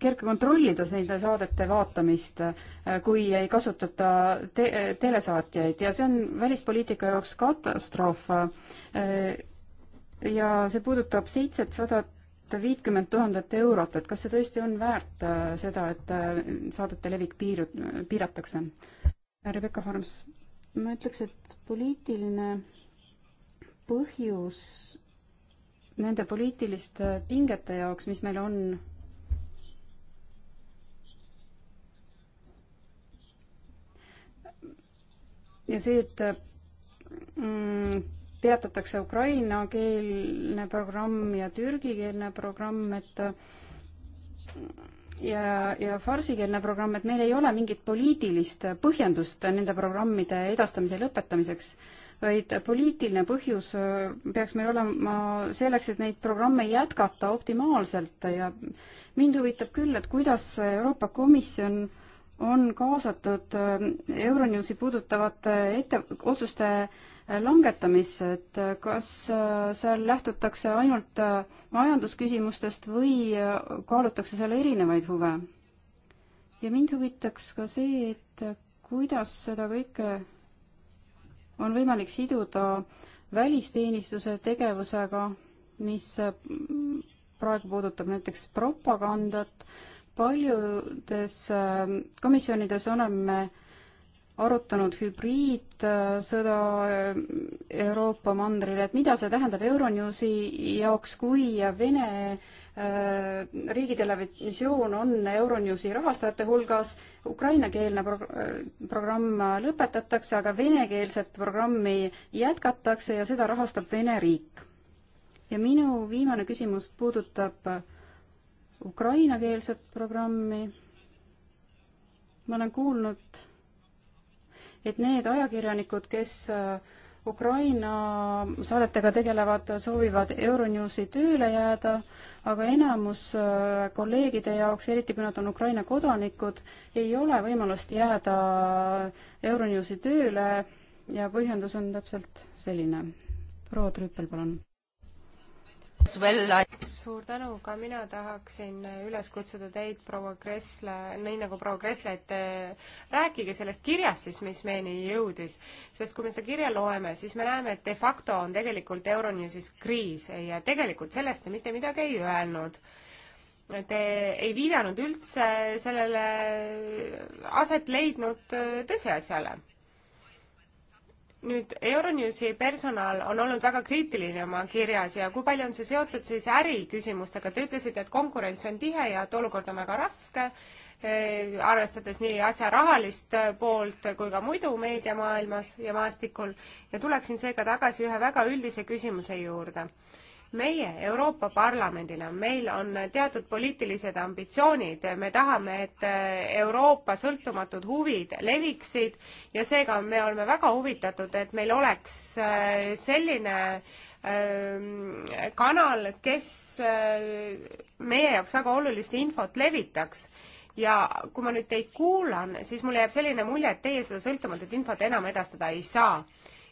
kerge kontrollida nende saadete vaatamist, äh, kui ei kasutata te telesaatjaid ja see on välispoliitika jaoks katastroof. Äh, ja see puudutab seitsesadat viitkümmet tuhandet eurot, et kas see tõesti on väärt seda, et saadete levik piir-, piiratakse? Rebecca Harms, ma ütleks, et poliitiline põhjus nende poliitiliste pingete jaoks, mis meil on ja see, et mm, peatatakse ukrainakeelne programm ja türgikeelne programm, et ja, ja farsikeelne programm, et meil ei ole mingit poliitilist põhjendust nende programmide edastamise lõpetamiseks vaid poliitiline põhjus äh, peaks meil olema selleks, et neid programme jätkata optimaalselt ja mind huvitab küll, et kuidas Euroopa Komisjon on kaasatud äh, Euronewsi puudutavate ette, otsuste langetamisse, et äh, kas seal lähtutakse ainult majandusküsimustest või kaalutakse seal erinevaid huve? ja mind huvitaks ka see, et kuidas seda kõike on võimalik siduda välisteenistuse tegevusega, mis mm, praegu puudutab näiteks propagandat, paljudes ähm, komisjonides oleme arutanud hübriidsõda ähm, Euroopa mandril, et mida see tähendab Euronewsi jaoks, kui Vene Äh, riigitelevisioon on Euronewsi rahastajate hulgas, ukrainakeelne pro-, äh, programm lõpetatakse, aga venekeelset programmi jätkatakse ja seda rahastab Vene riik. ja minu viimane küsimus puudutab ukrainakeelset programmi. ma olen kuulnud, et need ajakirjanikud, kes äh, Ukraina saadetega tegelevad soovivad Euronewsi tööle jääda, aga enamus äh, kolleegide jaoks, eriti kui nad on Ukraina kodanikud, ei ole võimalust jääda Euronewsi tööle ja põhjendus on täpselt selline. proua Trüüpel, palun suur tänu, ka mina tahaksin üles kutsuda teid, proua Kressle, nii nagu proua Kressle, et äh, rääkige sellest kirjast siis, mis meieni jõudis. sest kui me seda kirja loeme, siis me näeme, et de facto on tegelikult Euronewsis kriis ja tegelikult sellest te mitte midagi ei öelnud. Te ei viidanud üldse sellele aset leidnud äh, tõsiasjale nüüd Euronewsi personal on olnud väga kriitiline oma kirjas ja kui palju on see seotud siis äriküsimustega, te ütlesite, et konkurents on tihe ja et olukord on väga raske, eh, arvestades nii asja rahalist eh, poolt kui ka muidu meediamaailmas ja maastikul ja tuleksin seega tagasi ühe väga üldise küsimuse juurde meie Euroopa Parlamendina, meil on teatud poliitilised ambitsioonid, me tahame, et eh, Euroopa sõltumatud huvid leviksid ja seega me oleme väga huvitatud, et meil oleks eh, selline eh, kanal, kes meie jaoks väga olulist infot levitaks. ja kui ma nüüd teid kuulan, siis mulle jääb selline mulje, et teie seda sõltumatut infot enam edastada ei saa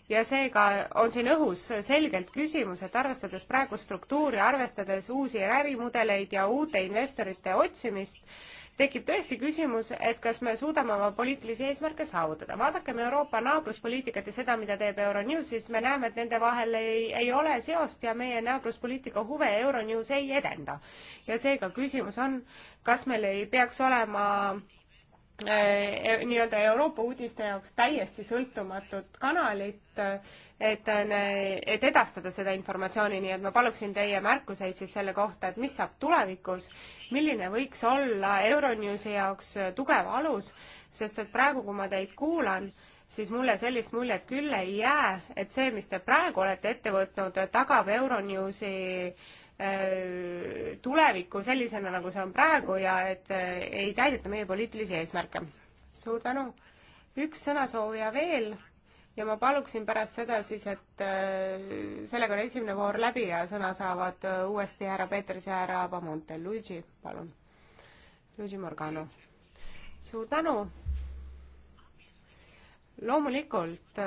ja seega on siin õhus selgelt küsimus, et arvestades praegust struktuuri, arvestades uusi ärimudeleid ja uute investorite otsimist, tekib tõesti küsimus, et kas me suudame oma poliitilisi eesmärke saavutada. vaadakem Euroopa naabruspoliitikat ja seda, mida teeb Euronews, siis me näeme, et nende vahel ei, ei ole seost ja meie naabruspoliitika huve Euronews ei edenda. ja seega küsimus on, kas meil ei peaks olema Eh, e-, nii-öelda Euroopa uudiste jaoks täiesti sõltumatut kanalit, et, et edastada seda informatsiooni, nii et ma paluksin teie märkuseid siis selle kohta, et mis saab tulevikus, milline võiks olla Euronewsi jaoks tugev alus, sest et praegu, kui ma teid kuulan, siis mulle sellist muljet küll ei jää, et see, mis te praegu olete ette võtnud, tagab Euronewsi äh, Äh, tulevikku sellisena, nagu see on praegu ja et äh, ei täideta meie poliitilisi eesmärke. suur tänu! üks sõnasoovija veel ja ma paluksin pärast seda siis, et äh, sellega on esimene voor läbi ja sõna saavad uuesti härra Peeters ja härra Abamonte. Luigi, palun. Luigi Morgano. suur tänu! loomulikult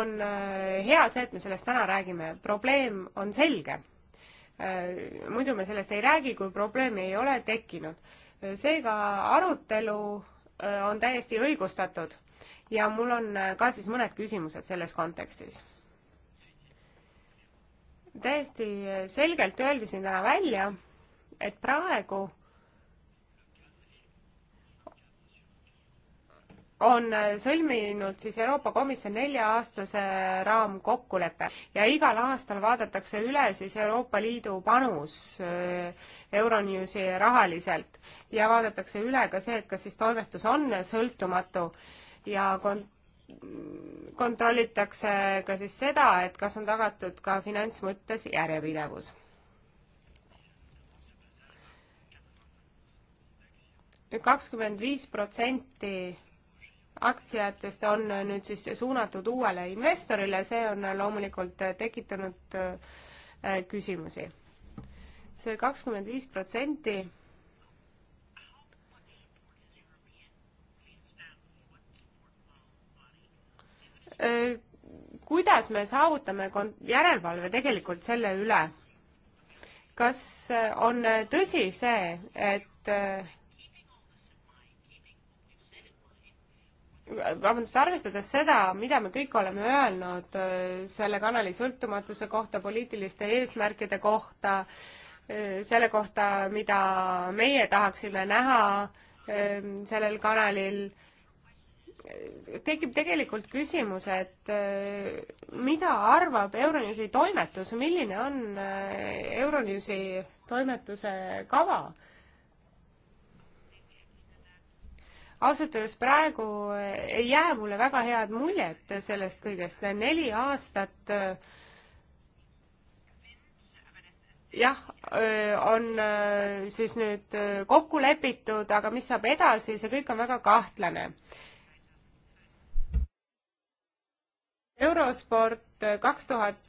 on hea see, et me sellest täna räägime, probleem on selge Äh, muidu me sellest ei räägi, kui probleemi ei ole tekkinud. seega arutelu äh, on täiesti õigustatud ja mul on äh, ka siis mõned küsimused selles kontekstis. täiesti selgelt öeldi siin täna välja, et praegu on sõlminud siis Euroopa Komisjon nelja-aastase raamkokkuleppe ja igal aastal vaadatakse üle siis Euroopa Liidu panus äh, Euronewsi rahaliselt ja vaadatakse üle ka see, et kas siis toimetus on sõltumatu ja kon-, kontrollitakse ka siis seda, et kas on tagatud ka finantsmõttes järjepidevus kakskümmend viis protsenti aktsiatest on nüüd siis suunatud uuele investorile, see on loomulikult tekitanud äh, küsimusi. see kakskümmend viis protsenti äh, kuidas me saavutame kon-, järelevalve tegelikult selle üle? kas äh, on tõsi see, et vabandust, arvestades seda, mida me kõik oleme öelnud äh, selle kanali sõltumatuse kohta, poliitiliste eesmärkide kohta, äh, selle kohta, mida meie tahaksime näha äh, sellel kanalil, tekib tegelikult küsimus, et mida arvab Euronewsi toimetus, milline on Euronewsi toimetuse kava ausalt öeldes praegu eh, ei jää mulle väga head muljet sellest kõigest. neli aastat eh, jah, eh, on siis nüüd kokku lepitud, aga mis saab edasi, see kõik on väga kahtlane. eurosport kaks tuhat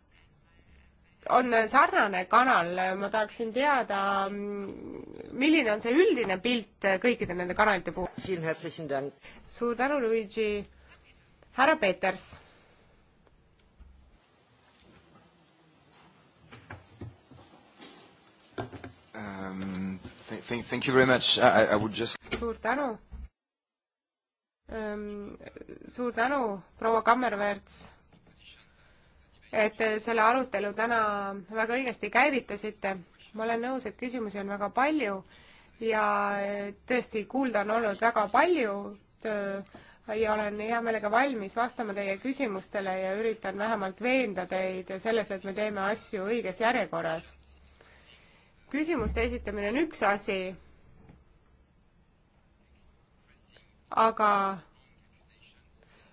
on sarnane kanal, ma tahaksin teada, milline on see üldine pilt kõikide nende kanalite puhul? suur tänu, Luigi. härra Peters. Um, th th thank you very much. I, I would just. suur tänu um,. suur tänu, proua Kammerväärts et selle arutelu täna väga õigesti käivitasite. ma olen nõus, et küsimusi on väga palju ja tõesti, kuulda on olnud väga palju ja olen hea meelega valmis vastama teie küsimustele ja üritan vähemalt veenda teid selles, et me teeme asju õiges järjekorras. küsimuste esitamine on üks asi, aga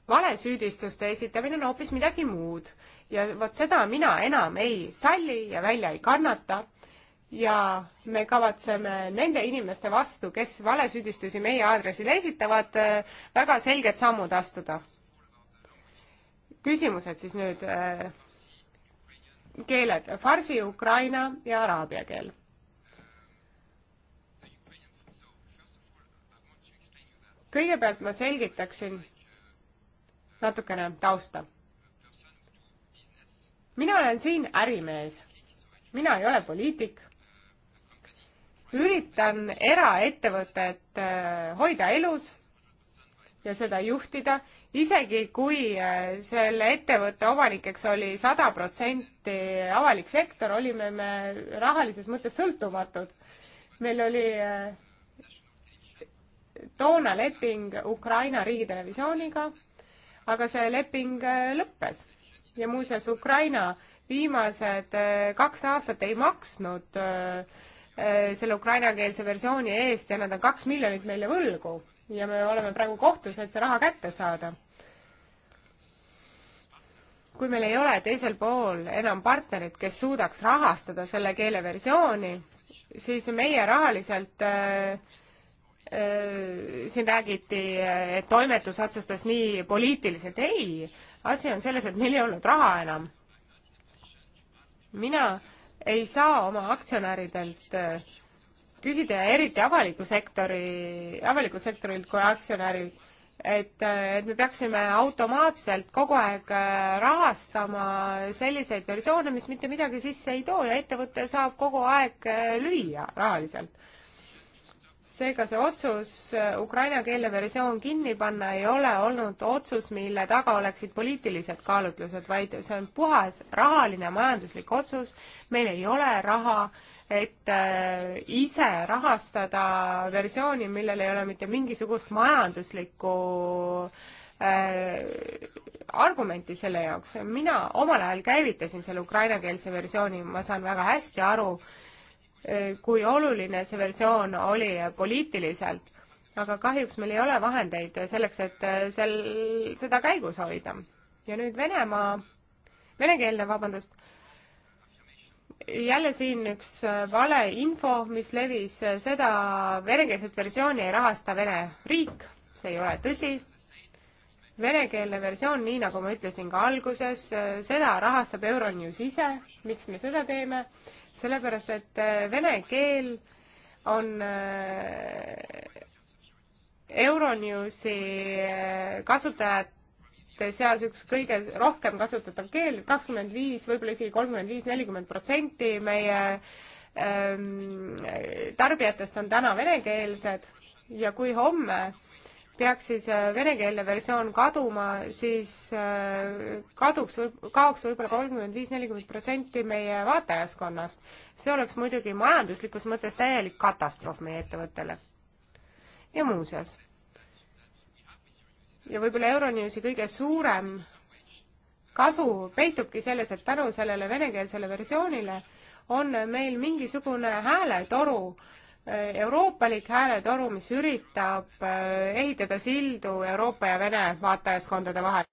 valesüüdistuste esitamine on hoopis midagi muud ja vot seda mina enam ei salli ja välja ei kannata. ja me kavatseme nende inimeste vastu, kes valesüüdistusi meie aadressil esitavad, väga selged sammud astuda. küsimused siis nüüd keeled, farsi, ukraina ja araabia keel kõigepealt ma selgitaksin natukene tausta mina olen siin ärimees, mina ei ole poliitik. üritan eraettevõtet äh, hoida elus ja seda juhtida, isegi kui äh, selle ettevõtte omanikeks oli sada protsenti avalik sektor, olime me rahalises mõttes sõltumatud. meil oli äh, toona leping Ukraina riigitelevisiooniga, aga see leping lõppes ja muuseas, Ukraina viimased äh, kaks aastat ei maksnud äh, äh, selle ukrainakeelse versiooni eest ja nad on kaks miljonit meile võlgu ja me oleme praegu kohtus, et see raha kätte saada. kui meil ei ole teisel pool enam partnerit, kes suudaks rahastada selle keeleversiooni, siis meie rahaliselt äh, äh, siin räägiti, et toimetus otsustas nii poliitiliselt ei äh,, asi on selles, et meil ei olnud raha enam. mina ei saa oma aktsionäridelt äh, küsida ja eriti avaliku sektori, avalikult sektorilt kui aktsionärid, et, äh, et me peaksime automaatselt kogu aeg äh, rahastama selliseid versioone, mis mitte midagi sisse ei too ja ettevõte saab kogu aeg lüüa rahaliselt seega see otsus äh, ukraina keelne versioon kinni panna ei ole olnud otsus, mille taga oleksid poliitilised kaalutlused, vaid see on puhas rahaline majanduslik otsus. meil ei ole raha, et äh, ise rahastada versiooni, millel ei ole mitte mingisugust majanduslikku äh, argumenti selle jaoks. mina omal ajal käivitasin selle ukrainakeelse versiooni, ma saan väga hästi aru äh,, Eh, kui oluline see versioon oli poliitiliselt, aga kahjuks meil ei ole vahendeid selleks, et eh, sel, seda käigus hoida. ja nüüd Venemaa, venekeelne, vabandust, jälle siin üks eh, valeinfo, mis levis, seda venekeelset versiooni ei rahasta Vene riik, see ei ole tõsi. Venekeelne versioon, nii nagu ma ütlesin ka alguses, seda rahastab Euronews ise, miks me seda teeme sellepärast et äh, vene keel on äh, Euronewsi äh, kasutajate seas üks kõige rohkem kasutatav keel, kakskümmend viis, võib-olla isegi kolmkümmend viis, nelikümmend protsenti meie ähm, tarbijatest on täna venekeelsed ja kui homme äh, peaks siis äh, venekeelne versioon kaduma, siis äh, kaduks või kaoks võib-olla kolmkümmend viis, nelikümmend protsenti meie vaatajaskonnast. see oleks muidugi majanduslikus mõttes täielik katastroof meie ettevõttele. ja muuseas, ja võib-olla Euronewsi kõige suurem kasu peitubki selles, et tänu sellele venekeelsele versioonile on meil mingisugune hääletoru, euroopalik hääletoru, mis üritab äh, ehitada sildu Euroopa ja Vene vaatajaskondade vahel.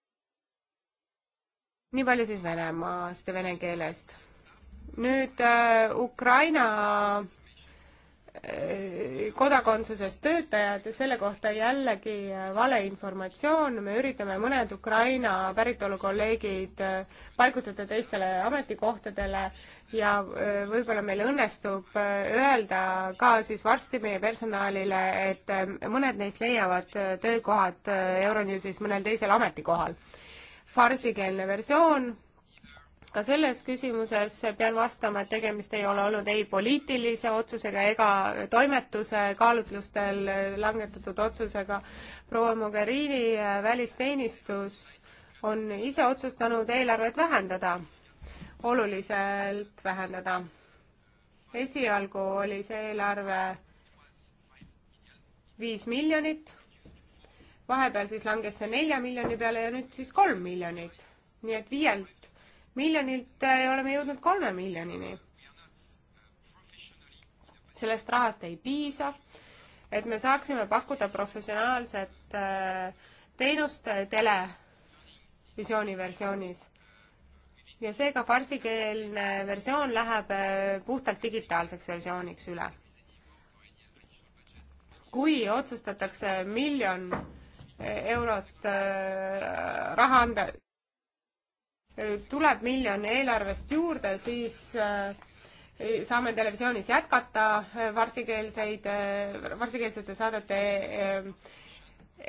nii palju siis Venemaast ja vene keelest. nüüd äh, Ukraina kodakondsuses töötajad ja selle kohta jällegi valeinformatsioon, me üritame mõned Ukraina päritolu kolleegid äh, paigutada teistele ametikohtadele ja äh, võib-olla meil õnnestub äh, öelda ka siis varsti meie personalile, et mõned neist leiavad töökohad Euronewsis mõnel teisel ametikohal. farsikeelne versioon ka selles küsimuses pean vastama, et tegemist ei ole olnud ei poliitilise otsusega ega toimetuse kaalutlustel langetatud otsusega. proua Mogherini äh, välisteenistus on ise otsustanud eelarvet vähendada, oluliselt vähendada. esialgu oli see eelarve viis miljonit, vahepeal siis langes see nelja miljoni peale ja nüüd siis kolm miljonit, nii et viielt miljonilt äh, oleme jõudnud kolme miljonini. sellest rahast ei piisa, et me saaksime pakkuda professionaalset äh, teenust äh, televisiooni versioonis. ja seega farsikeelne versioon läheb puhtalt digitaalseks versiooniks üle. kui otsustatakse miljon eurot raha anda tuleb miljon eelarvest juurde, siis äh, saame televisioonis jätkata äh, varsikeelseid, äh, varsikeelsete saadete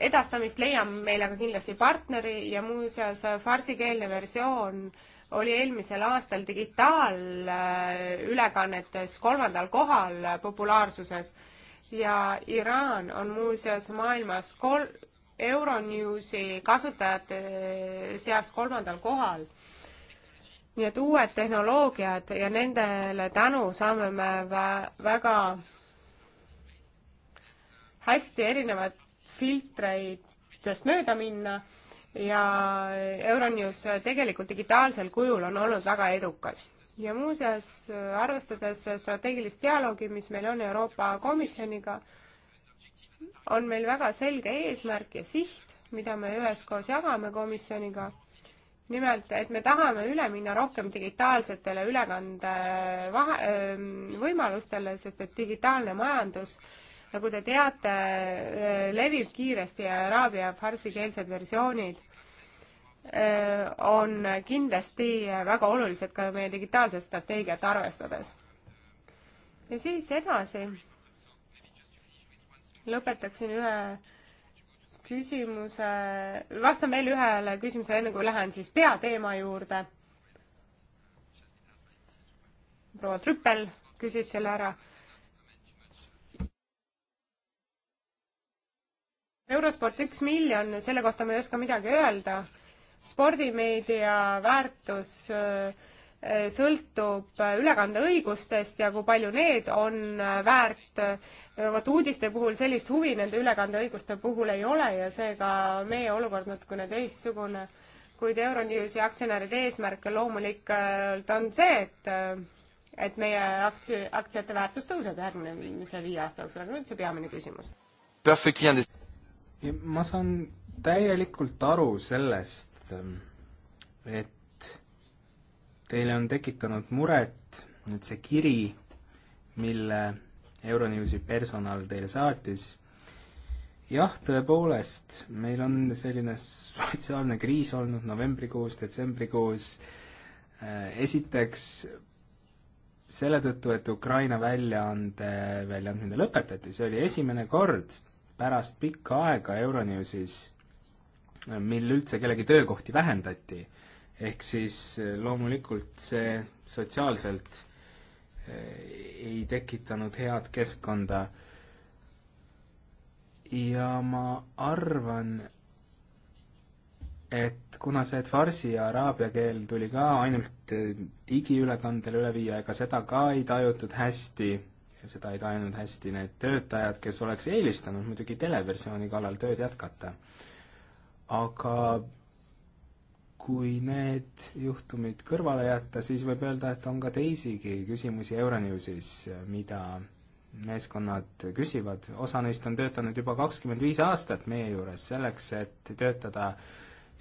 edastamist, leiame meile ka kindlasti partneri ja muuseas farsikeelne versioon oli eelmisel aastal digitaalülekannetes kolmandal kohal populaarsuses ja Iraan on muuseas maailmas kol-, Euronewsi kasutajate seas kolmandal kohal nii et uued tehnoloogiad ja nendele tänu saame me väga hästi erinevad filtreidest mööda minna ja Euronews tegelikult digitaalsel kujul on olnud väga edukas. ja muuseas, arvestades strateegilist dialoogi, mis meil on Euroopa Komisjoniga, on meil väga selge eesmärk ja siht, mida me üheskoos jagame komisjoniga nimelt, et me tahame üle minna rohkem digitaalsetele ülekande vahe, ähm, võimalustele, sest et digitaalne majandus, nagu te teate, äh, levib kiiresti ja araabia ja farsikeelsed versioonid äh, on kindlasti väga olulised ka meie digitaalset strateegiat arvestades. ja siis edasi lõpetaksin ühe küsimuse, vastan veel ühele küsimusele, enne kui lähen siis peateema juurde. proua Trüppel küsis selle ära. eurosport üks miljon, selle kohta ma ei oska midagi öelda. spordimeedia väärtus äh, sõltub ülekandeõigustest ja kui palju need on väärt. vot uudiste puhul sellist huvi nende ülekandeõiguste puhul ei ole ja seega meie olukord natukene teistsugune. kuid Euronewsi aktsionäride eesmärk loomulikult on see, et, et meie aktsia, aktsiate väärtus tõuseb järgmise viie aasta jooksul, aga see on üldse peamine küsimus. ma saan täielikult aru sellest, et Teile on tekitanud muret nüüd see kiri, mille Euronewsi personal teile saatis. jah, tõepoolest, meil on selline sotsiaalne kriis olnud novembrikuus, detsembrikuus. Äh, esiteks selle tõttu, et Ukraina väljaande, väljaandmine lõpetati, see oli esimene kord pärast pikka aega Euronewsis, mil üldse kellegi töökohti vähendati ehk siis eh, loomulikult see sotsiaalselt eh, ei tekitanud head keskkonda. ja ma arvan, et kuna see farsi ja araabia keel tuli ka ainult eh, digiülekandele üle viia, ega seda ka ei tajutud hästi, seda ei tajunud hästi need töötajad, kes oleks eelistanud muidugi televersiooni kallal tööd jätkata. aga kui need juhtumid kõrvale jätta, siis võib öelda, et on ka teisigi küsimusi Euronewsis, mida meeskonnad küsivad, osa neist on töötanud juba kakskümmend viis aastat meie juures selleks, et töötada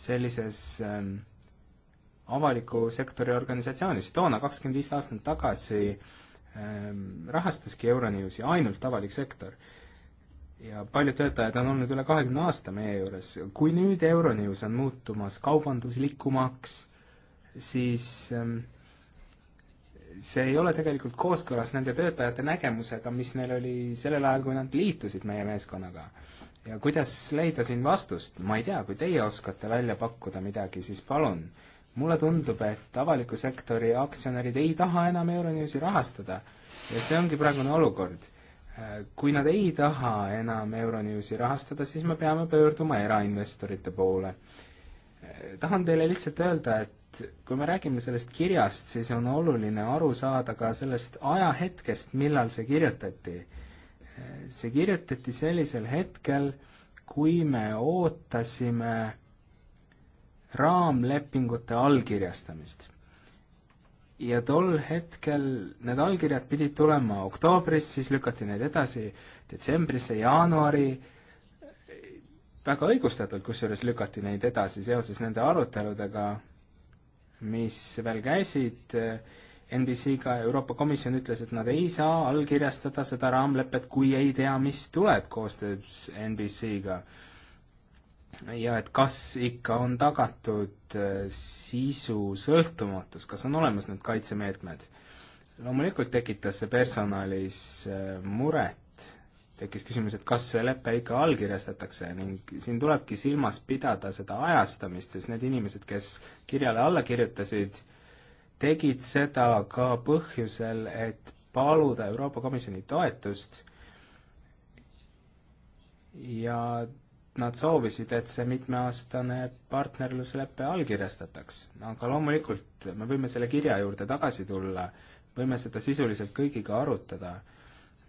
sellises ähm, avaliku sektori organisatsioonis, toona kakskümmend viis aastat tagasi ähm, rahastaski Euronewsi ainult avalik sektor ja paljud töötajad on olnud üle kahekümne aasta meie juures. kui nüüd Euronews on muutumas kaubanduslikumaks, siis ähm, see ei ole tegelikult kooskõlas nende töötajate nägemusega, mis neil oli sellel ajal, kui nad liitusid meie meeskonnaga. ja kuidas leida siin vastust, ma ei tea, kui teie oskate välja pakkuda midagi, siis palun. mulle tundub, et avaliku sektori aktsionärid ei taha enam Euronewsi rahastada ja see ongi praegune olukord kui nad ei taha enam Euronewsi rahastada, siis me peame pöörduma erainvestorite poole. tahan teile lihtsalt öelda, et kui me räägime sellest kirjast, siis on oluline aru saada ka sellest ajahetkest, millal see kirjutati. see kirjutati sellisel hetkel, kui me ootasime raamlepingute allkirjastamist ja tol hetkel need allkirjad pidid tulema oktoobris, siis lükati need edasi detsembrisse, jaanuari, väga õigustatult kusjuures lükati neid edasi seoses nende aruteludega, mis veel käisid, NBC-ga Euroopa Komisjon ütles, et nad ei saa allkirjastada seda raamlepet, kui ei tea, mis tuleb koostöös NBC-ga ja et kas ikka on tagatud äh, sisu sõltumatus, kas on olemas need kaitsemeetmed? loomulikult tekitas see personalis äh, muret, tekkis küsimus, et kas see lepe ikka allkirjastatakse ning siin tulebki silmas pidada seda ajastamist, sest need inimesed, kes kirjale alla kirjutasid, tegid seda ka põhjusel, et paluda Euroopa Komisjoni toetust ja nad soovisid, et see mitmeaastane partnerluslepe allkirjastataks. aga loomulikult me võime selle kirja juurde tagasi tulla, võime seda sisuliselt kõigiga arutada.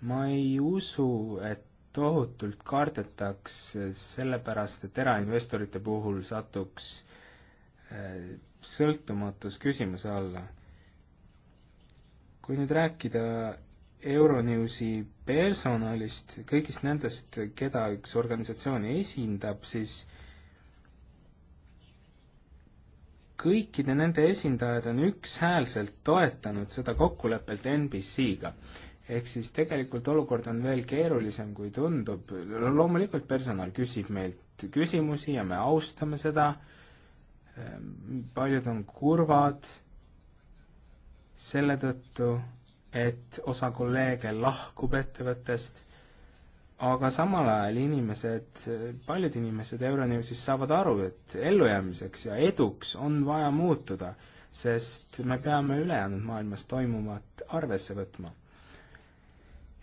ma ei usu, et tohutult kardetaks sellepärast, et erainvestorite puhul satuks eh, sõltumatus küsimuse alla. kui nüüd rääkida Euronewsi personalist, kõigist nendest, keda üks organisatsioon esindab, siis kõikide nende esindajad on ükshäälselt toetanud seda kokkulepet NBC-ga. ehk siis tegelikult olukord on veel keerulisem, kui tundub, loomulikult personal küsib meilt küsimusi ja me austame seda, ehm, paljud on kurvad selle tõttu et osa kolleege lahkub ettevõttest, aga samal ajal inimesed, paljud inimesed Euronewsis saavad aru, et ellujäämiseks ja eduks on vaja muutuda, sest me peame ülejäänud maailmas toimuvat arvesse võtma.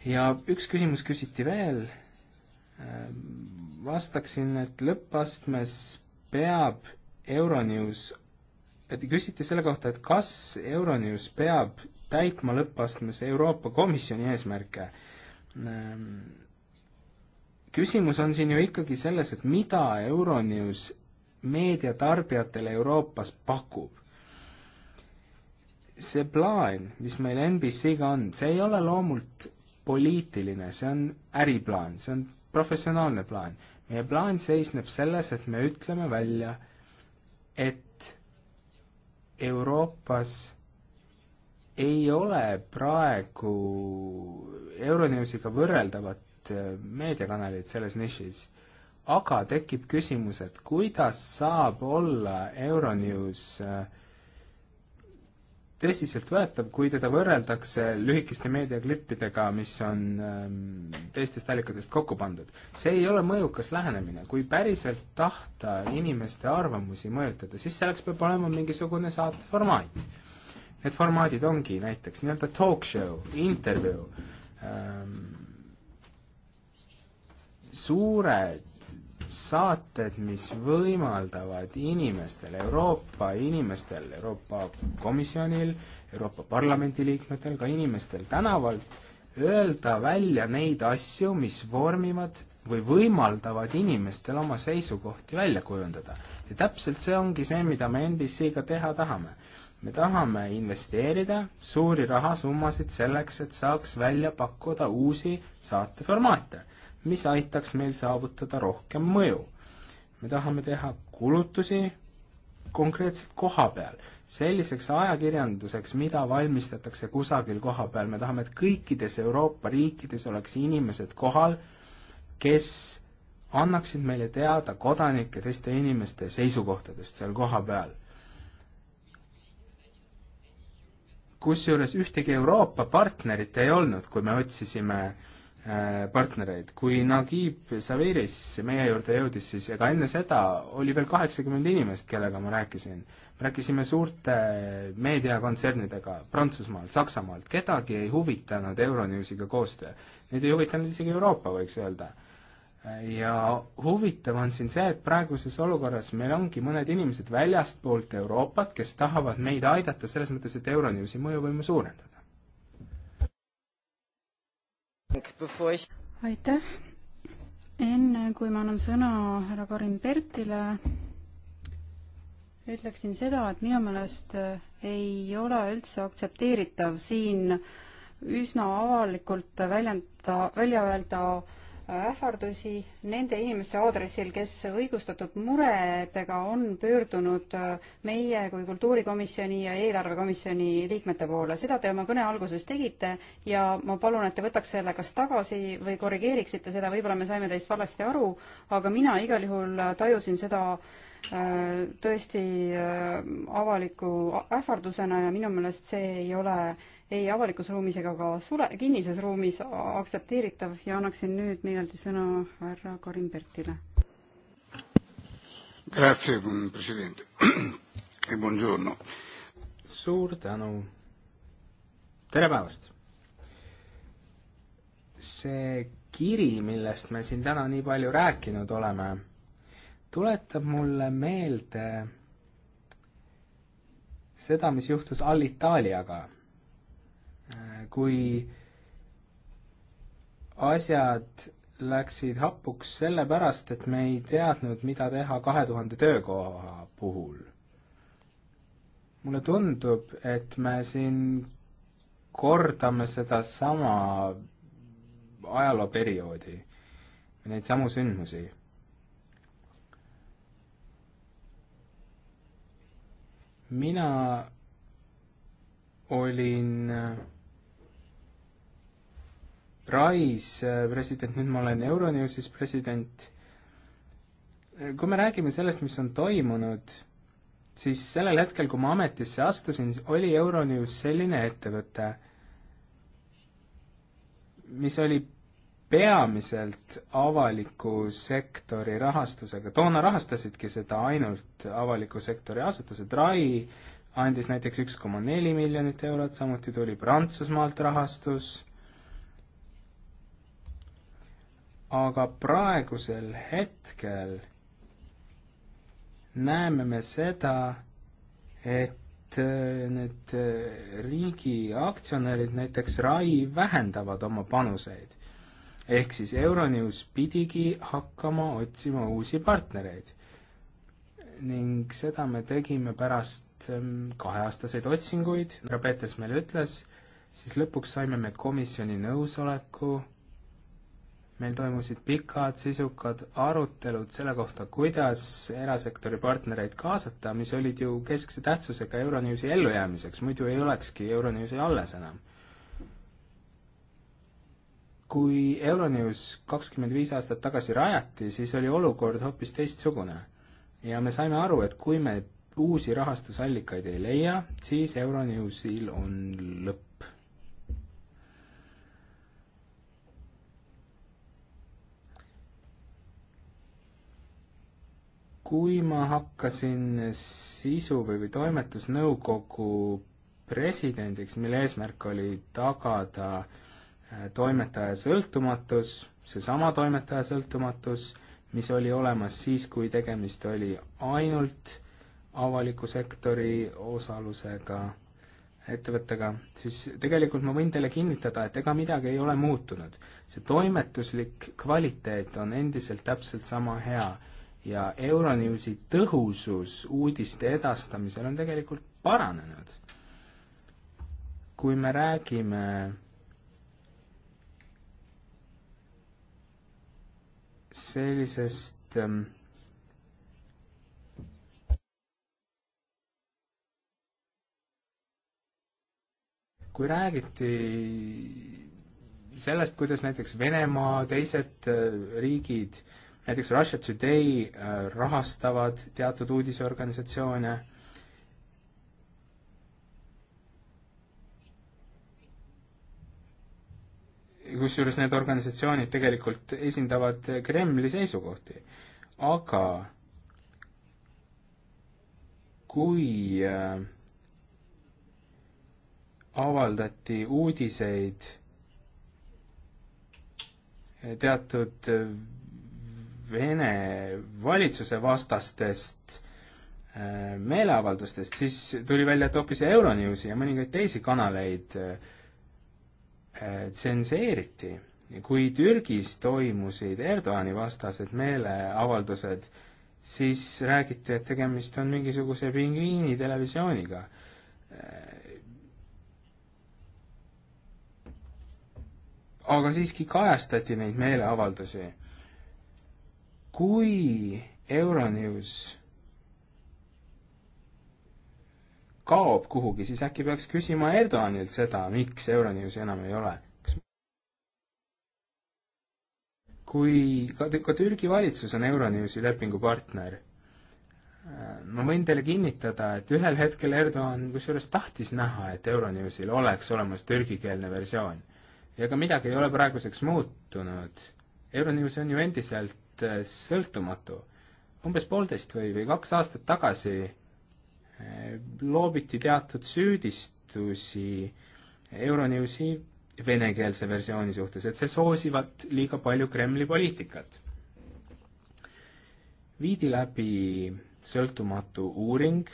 ja üks küsimus küsiti veel, ehm, vastaksin, et lõppastmes peab Euronews, et küsiti selle kohta, et kas Euronews peab täitma lõppastmes Euroopa Komisjoni eesmärke. Ehm, küsimus on siin ju ikkagi selles, et mida Euronews meediatarbijatele Euroopas pakub. see plaan, mis meil NBC-ga on, see ei ole loomult poliitiline, see on äriplaan, see on professionaalne plaan. meie plaan seisneb selles, et me ütleme välja, et Euroopas ei ole praegu Euronewsiga võrreldavat äh, meediakanalit selles nišis. aga tekib küsimus, et kuidas saab olla Euronews äh, tõsiseltvõetav, kui teda võrreldakse lühikeste meediaklippidega, mis on ähm, teistest allikatest kokku pandud. see ei ole mõjukas lähenemine, kui päriselt tahta inimeste arvamusi mõjutada, siis selleks peab olema mingisugune saateformaat Need formaadid ongi näiteks nii-öelda talk show, intervjuu ähm,, suured saated, mis võimaldavad inimestel, Euroopa inimestel, Euroopa Komisjonil, Euroopa Parlamendi liikmetel, ka inimestel tänavalt öelda välja neid asju, mis vormivad või võimaldavad inimestel oma seisukohti välja kujundada. ja täpselt see ongi see, mida me NBC-ga teha tahame me tahame investeerida suuri rahasummasid selleks, et saaks välja pakkuda uusi saateformaate, mis aitaks meil saavutada rohkem mõju. me tahame teha kulutusi konkreetselt koha peal, selliseks ajakirjanduseks, mida valmistatakse kusagil koha peal, me tahame, et kõikides Euroopa riikides oleks inimesed kohal, kes annaksid meile teada kodanike, teiste inimeste seisukohtadest seal kohapeal kusjuures ühtegi Euroopa partnerit ei olnud, kui me otsisime äh, partnereid. kui Nagib Saviris meie juurde jõudis, siis ega enne seda oli veel kaheksakümmend inimest, kellega ma rääkisin. me rääkisime suurte äh, meediakontsernidega Prantsusmaalt, Saksamaalt, kedagi ei huvitanud Euronewsiga koostöö. Neid ei huvitanud isegi Euroopa, võiks öelda ja huvitav on siin see, et praeguses olukorras meil ongi mõned inimesed väljastpoolt Euroopat, kes tahavad meid aidata selles mõttes, et Euronewsi mõjuvõimu suurendada. aitäh, enne kui ma annan sõna härra Karin Pertile, ütleksin seda, et minu meelest ei ole üldse aktsepteeritav siin üsna avalikult väljenda, välja öelda äh, ähvardusi nende inimeste aadressil, kes õigustatud muredega on pöördunud äh, meie kui kultuurikomisjoni ja eelarvekomisjoni liikmete poole. seda te oma kõne alguses tegite ja ma palun, et te võtaks selle kas tagasi või korrigeeriksite seda, võib-olla me saime teist valesti aru, aga mina igal juhul äh, tajusin seda äh, tõesti avaliku ähvardusena ja minu meelest see ei ole äh, ei avalikus ruumis ega ka sule-, kinnises ruumis aktsepteeritav ja annaksin nüüd meeleldi sõna härra Karin Pertile. Grazie, president e buongiorno. suur tänu. tere päevast. see kiri, millest me siin täna nii palju rääkinud oleme, tuletab mulle meelde seda, mis juhtus Alitaaliaga kui asjad läksid hapuks sellepärast, et me ei teadnud, mida teha kahe tuhande töökoha puhul. mulle tundub, et me siin kordame sedasama ajalooperioodi, neid samu sündmusi. mina olin Rais äh, president, nüüd ma olen Euronewsis president. Äh, kui me räägime sellest, mis on toimunud, siis sellel hetkel, kui ma ametisse astusin, oli Euronews selline ettevõte, mis oli peamiselt avaliku sektori rahastusega, toona rahastasidki seda ainult avaliku sektori asutused, RAI andis näiteks üks koma neli miljonit eurot, samuti tuli Prantsusmaalt rahastus aga praegusel hetkel näeme me seda, et äh, need äh, riigi aktsionärid, näiteks RAI, vähendavad oma panuseid. ehk siis Euronews pidigi hakkama otsima uusi partnereid. ning seda me tegime pärast ähm, kaheaastaseid otsinguid, härra nagu Peeters meile ütles, siis lõpuks saime me komisjoni nõusoleku meil toimusid pikad sisukad arutelud selle kohta, kuidas erasektori partnereid kaasata, mis olid ju keskse tähtsusega Euronewsi ellujäämiseks, muidu ei olekski Euronewsi alles enam. kui Euronews kakskümmend viis aastat tagasi rajati, siis oli olukord hoopis teistsugune. ja me saime aru, et kui me uusi rahastusallikaid ei leia, siis Euronewsil on lõpp. kui ma hakkasin sisu või, või toimetusnõukogu presidendiks, mille eesmärk oli tagada äh, toimetaja sõltumatus, seesama toimetaja sõltumatus, mis oli olemas siis, kui tegemist oli ainult avaliku sektori osalusega ettevõttega, siis tegelikult ma võin teile kinnitada, et ega midagi ei ole muutunud. see toimetuslik kvaliteet on endiselt täpselt sama hea ja Euronewsi tõhusus uudiste edastamisel on tegelikult paranenud. kui me räägime sellisest ähm, kui räägiti sellest, kuidas näiteks Venemaa, teised äh, riigid äh, näiteks Russia Today äh, rahastavad teatud uudiseorganisatsioone, kusjuures need organisatsioonid tegelikult esindavad Kremli seisukohti, aga kui äh, avaldati uudiseid äh, teatud Vene valitsuse vastastest äh, meeleavaldustest, siis tuli välja, et hoopis Euronewsi ja mõningaid teisi kanaleid äh, tsenseeriti. kui Türgis toimusid Erdoani vastased meeleavaldused, siis räägiti, et tegemist on mingisuguse pingviini televisiooniga. Äh, aga siiski kajastati neid meeleavaldusi kui Euronews kaob kuhugi, siis äkki peaks küsima Erdoganilt seda, miks Euronewsi enam ei ole? kui ka, ka Türgi valitsus on Euronewsi lepingupartner, äh, ma võin teile kinnitada, et ühel hetkel Erdogan kusjuures tahtis näha, et Euronewsil oleks olemas türgikeelne versioon. ja ega midagi ei ole praeguseks muutunud. Euronews on ju endiselt Äh, sõltumatu. umbes poolteist või, või kaks aastat tagasi äh, loobiti teatud süüdistusi Euronewsi venekeelse versiooni suhtes, et see soosivat liiga palju Kremli poliitikat. viidi läbi sõltumatu uuring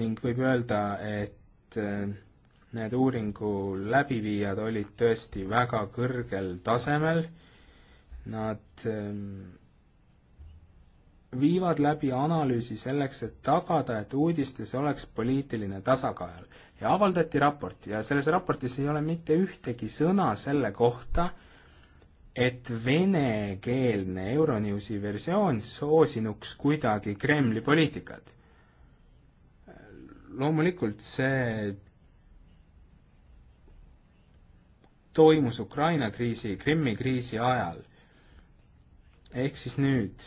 ning võib öelda, et äh, need uuringu läbiviijad olid tõesti väga kõrgel tasemel, nad ehm, viivad läbi analüüsi selleks, et tagada, et uudistes oleks poliitiline tasakaal. ja avaldati raport ja selles raportis ei ole mitte ühtegi sõna selle kohta, et venekeelne Euronewsi versioon soosinuks kuidagi Kremli poliitikat. loomulikult see toimus Ukraina kriisi, Krimmi kriisi ajal. ehk siis nüüd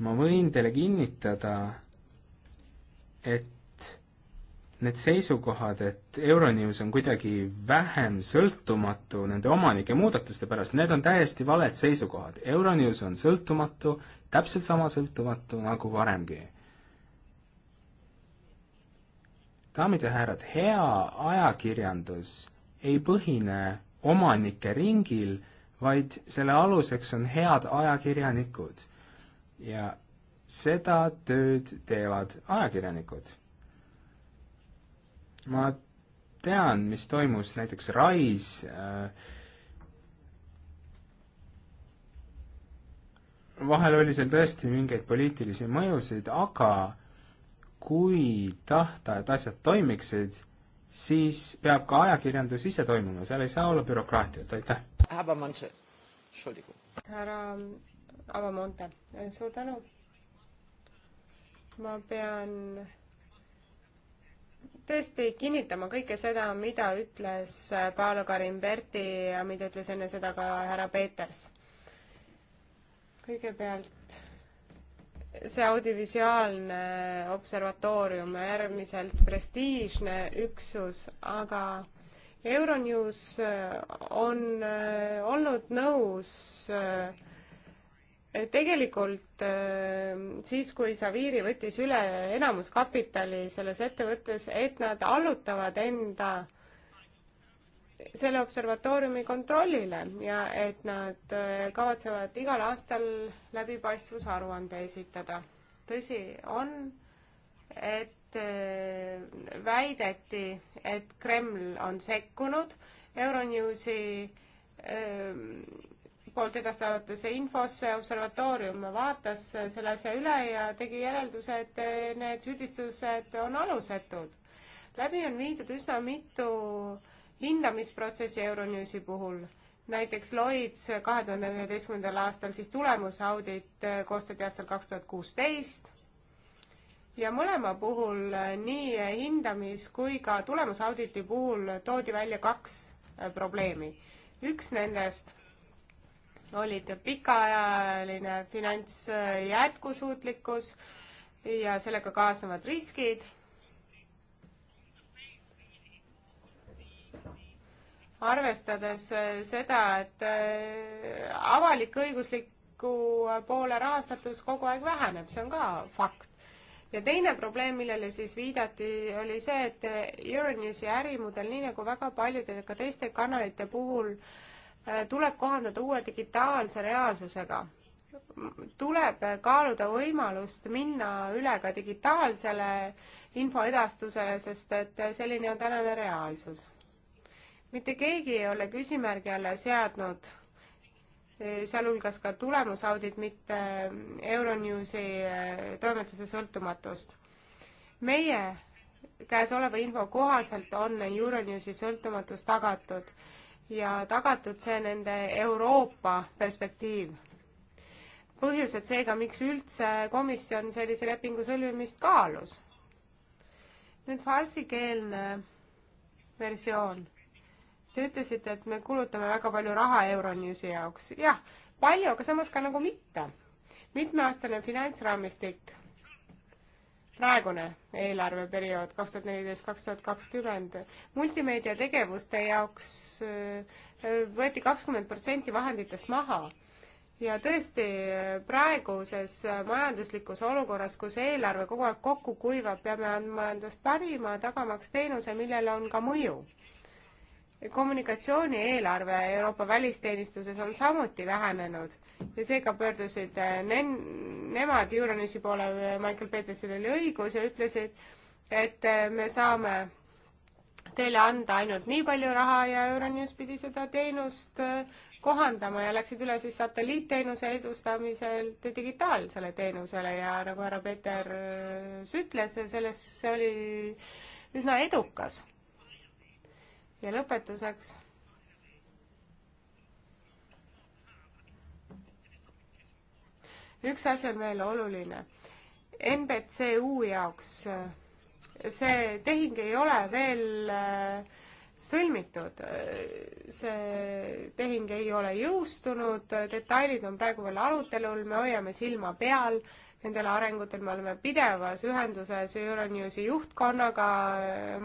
ma võin teile kinnitada, et need seisukohad, et Euronews on kuidagi vähem sõltumatu nende omanike muudatuste pärast, need on täiesti valed seisukohad. Euronews on sõltumatu, täpselt sama sõltumatu nagu varemgi daamid ja härrad, hea ajakirjandus ei põhine omanike ringil, vaid selle aluseks on head ajakirjanikud. ja seda tööd teevad ajakirjanikud. ma tean, mis toimus näiteks Rais äh,, vahel oli seal tõesti mingeid poliitilisi mõjusid, aga kui tahta, et asjad toimiksid, siis peab ka ajakirjandus ise toimima, seal ei saa olla bürokraatiat, aitäh. härra Abamonte, suur tänu. ma pean tõesti kinnitama kõike seda, mida ütles Paolo Karimberti ja mida ütles enne seda ka härra Peeters. kõigepealt see audiovisuaalne observatoorium, äärmiselt prestiižne üksus, aga Euronews äh, on äh, olnud nõus äh, tegelikult siis, kui Saviri võttis üle enamuskapitali selles ettevõttes, et nad allutavad enda selle observatooriumi kontrollile ja et nad äh, kavatsevad igal aastal läbipaistvusaruande esitada. tõsi on, et äh, väideti, et Kreml on sekkunud Euronewsi ähm, poolt edastatavasse infosse, observatoorium vaatas selle asja üle ja tegi järelduse, et äh, need süüdistused on alusetud. läbi on viidud üsna mitu äh, hindamisprotsessi Euronewsi puhul. näiteks Lloyds kahe tuhande neljateistkümnendal aastal siis tulemusaudit äh, koostati aastal kaks tuhat kuusteist ja mõlema puhul, äh, nii hindamis- kui ka tulemusauditi puhul toodi välja kaks äh, probleemi. üks nendest olid pikaajaline finants jätkusuutlikkus ja sellega kaasnevad riskid arvestades äh, seda, et äh, avalik-õigusliku poole rahastatus kogu aeg väheneb, see on ka fakt. ja teine probleem, millele siis viidati, oli see, et äh, Euronewsi ärimudel, nii nagu väga paljude ka teiste kanalite puhul, tuleb kohandada uue digitaalse reaalsusega. tuleb kaaluda võimalust minna üle ka digitaalsele infoedastusele, sest et selline on tänane reaalsus mitte keegi ei ole küsimärgi alla seadnud, sealhulgas ka tulemusaudit, mitte Euronewsi äh, toimetuse sõltumatust. meie käesoleva info kohaselt on Euronewsi sõltumatus tagatud ja tagatud see nende Euroopa perspektiiv. põhjused seega, miks üldse komisjon sellise lepingu sõlmimist kaalus. nüüd farsikeelne versioon Te ütlesite, et me kulutame väga palju raha Euronewsi jaoks. jah, palju, aga samas ka nagu mitte. mitmeaastane finantsraamistik, praegune eelarveperiood kaks tuhat neliteist, kaks tuhat kakskümmend, multimeedia tegevuste jaoks äh, võeti kakskümmend protsenti vahenditest maha ja tõesti, praeguses majanduslikus olukorras, kus eelarve kogu aeg kokku kuivab, peame andma endast parima, tagamaks teenuse, millel on ka mõju kommunikatsiooni eelarve Euroopa välisteenistuses on samuti vähenenud ja seega pöördusid äh, ne-, nemad Euronewsi poole, äh, Michael Petersil oli õigus, ja ütlesid, et äh, me saame teile anda ainult nii palju raha ja Euronews pidi seda teenust kohandama ja läksid üle siis satelliitteenuse edustamiselt digitaalsele teenusele ja nagu härra Peters ütles, selles, see oli üsna edukas ja lõpetuseks üks asi on veel oluline. NBCU jaoks äh, see tehing ei ole veel äh, sõlmitud, äh, see tehing ei ole jõustunud, detailid on praegu veel arutelul, me hoiame silma peal nendel arengutel, me oleme pidevas ühenduses Euronewsi juhtkonnaga,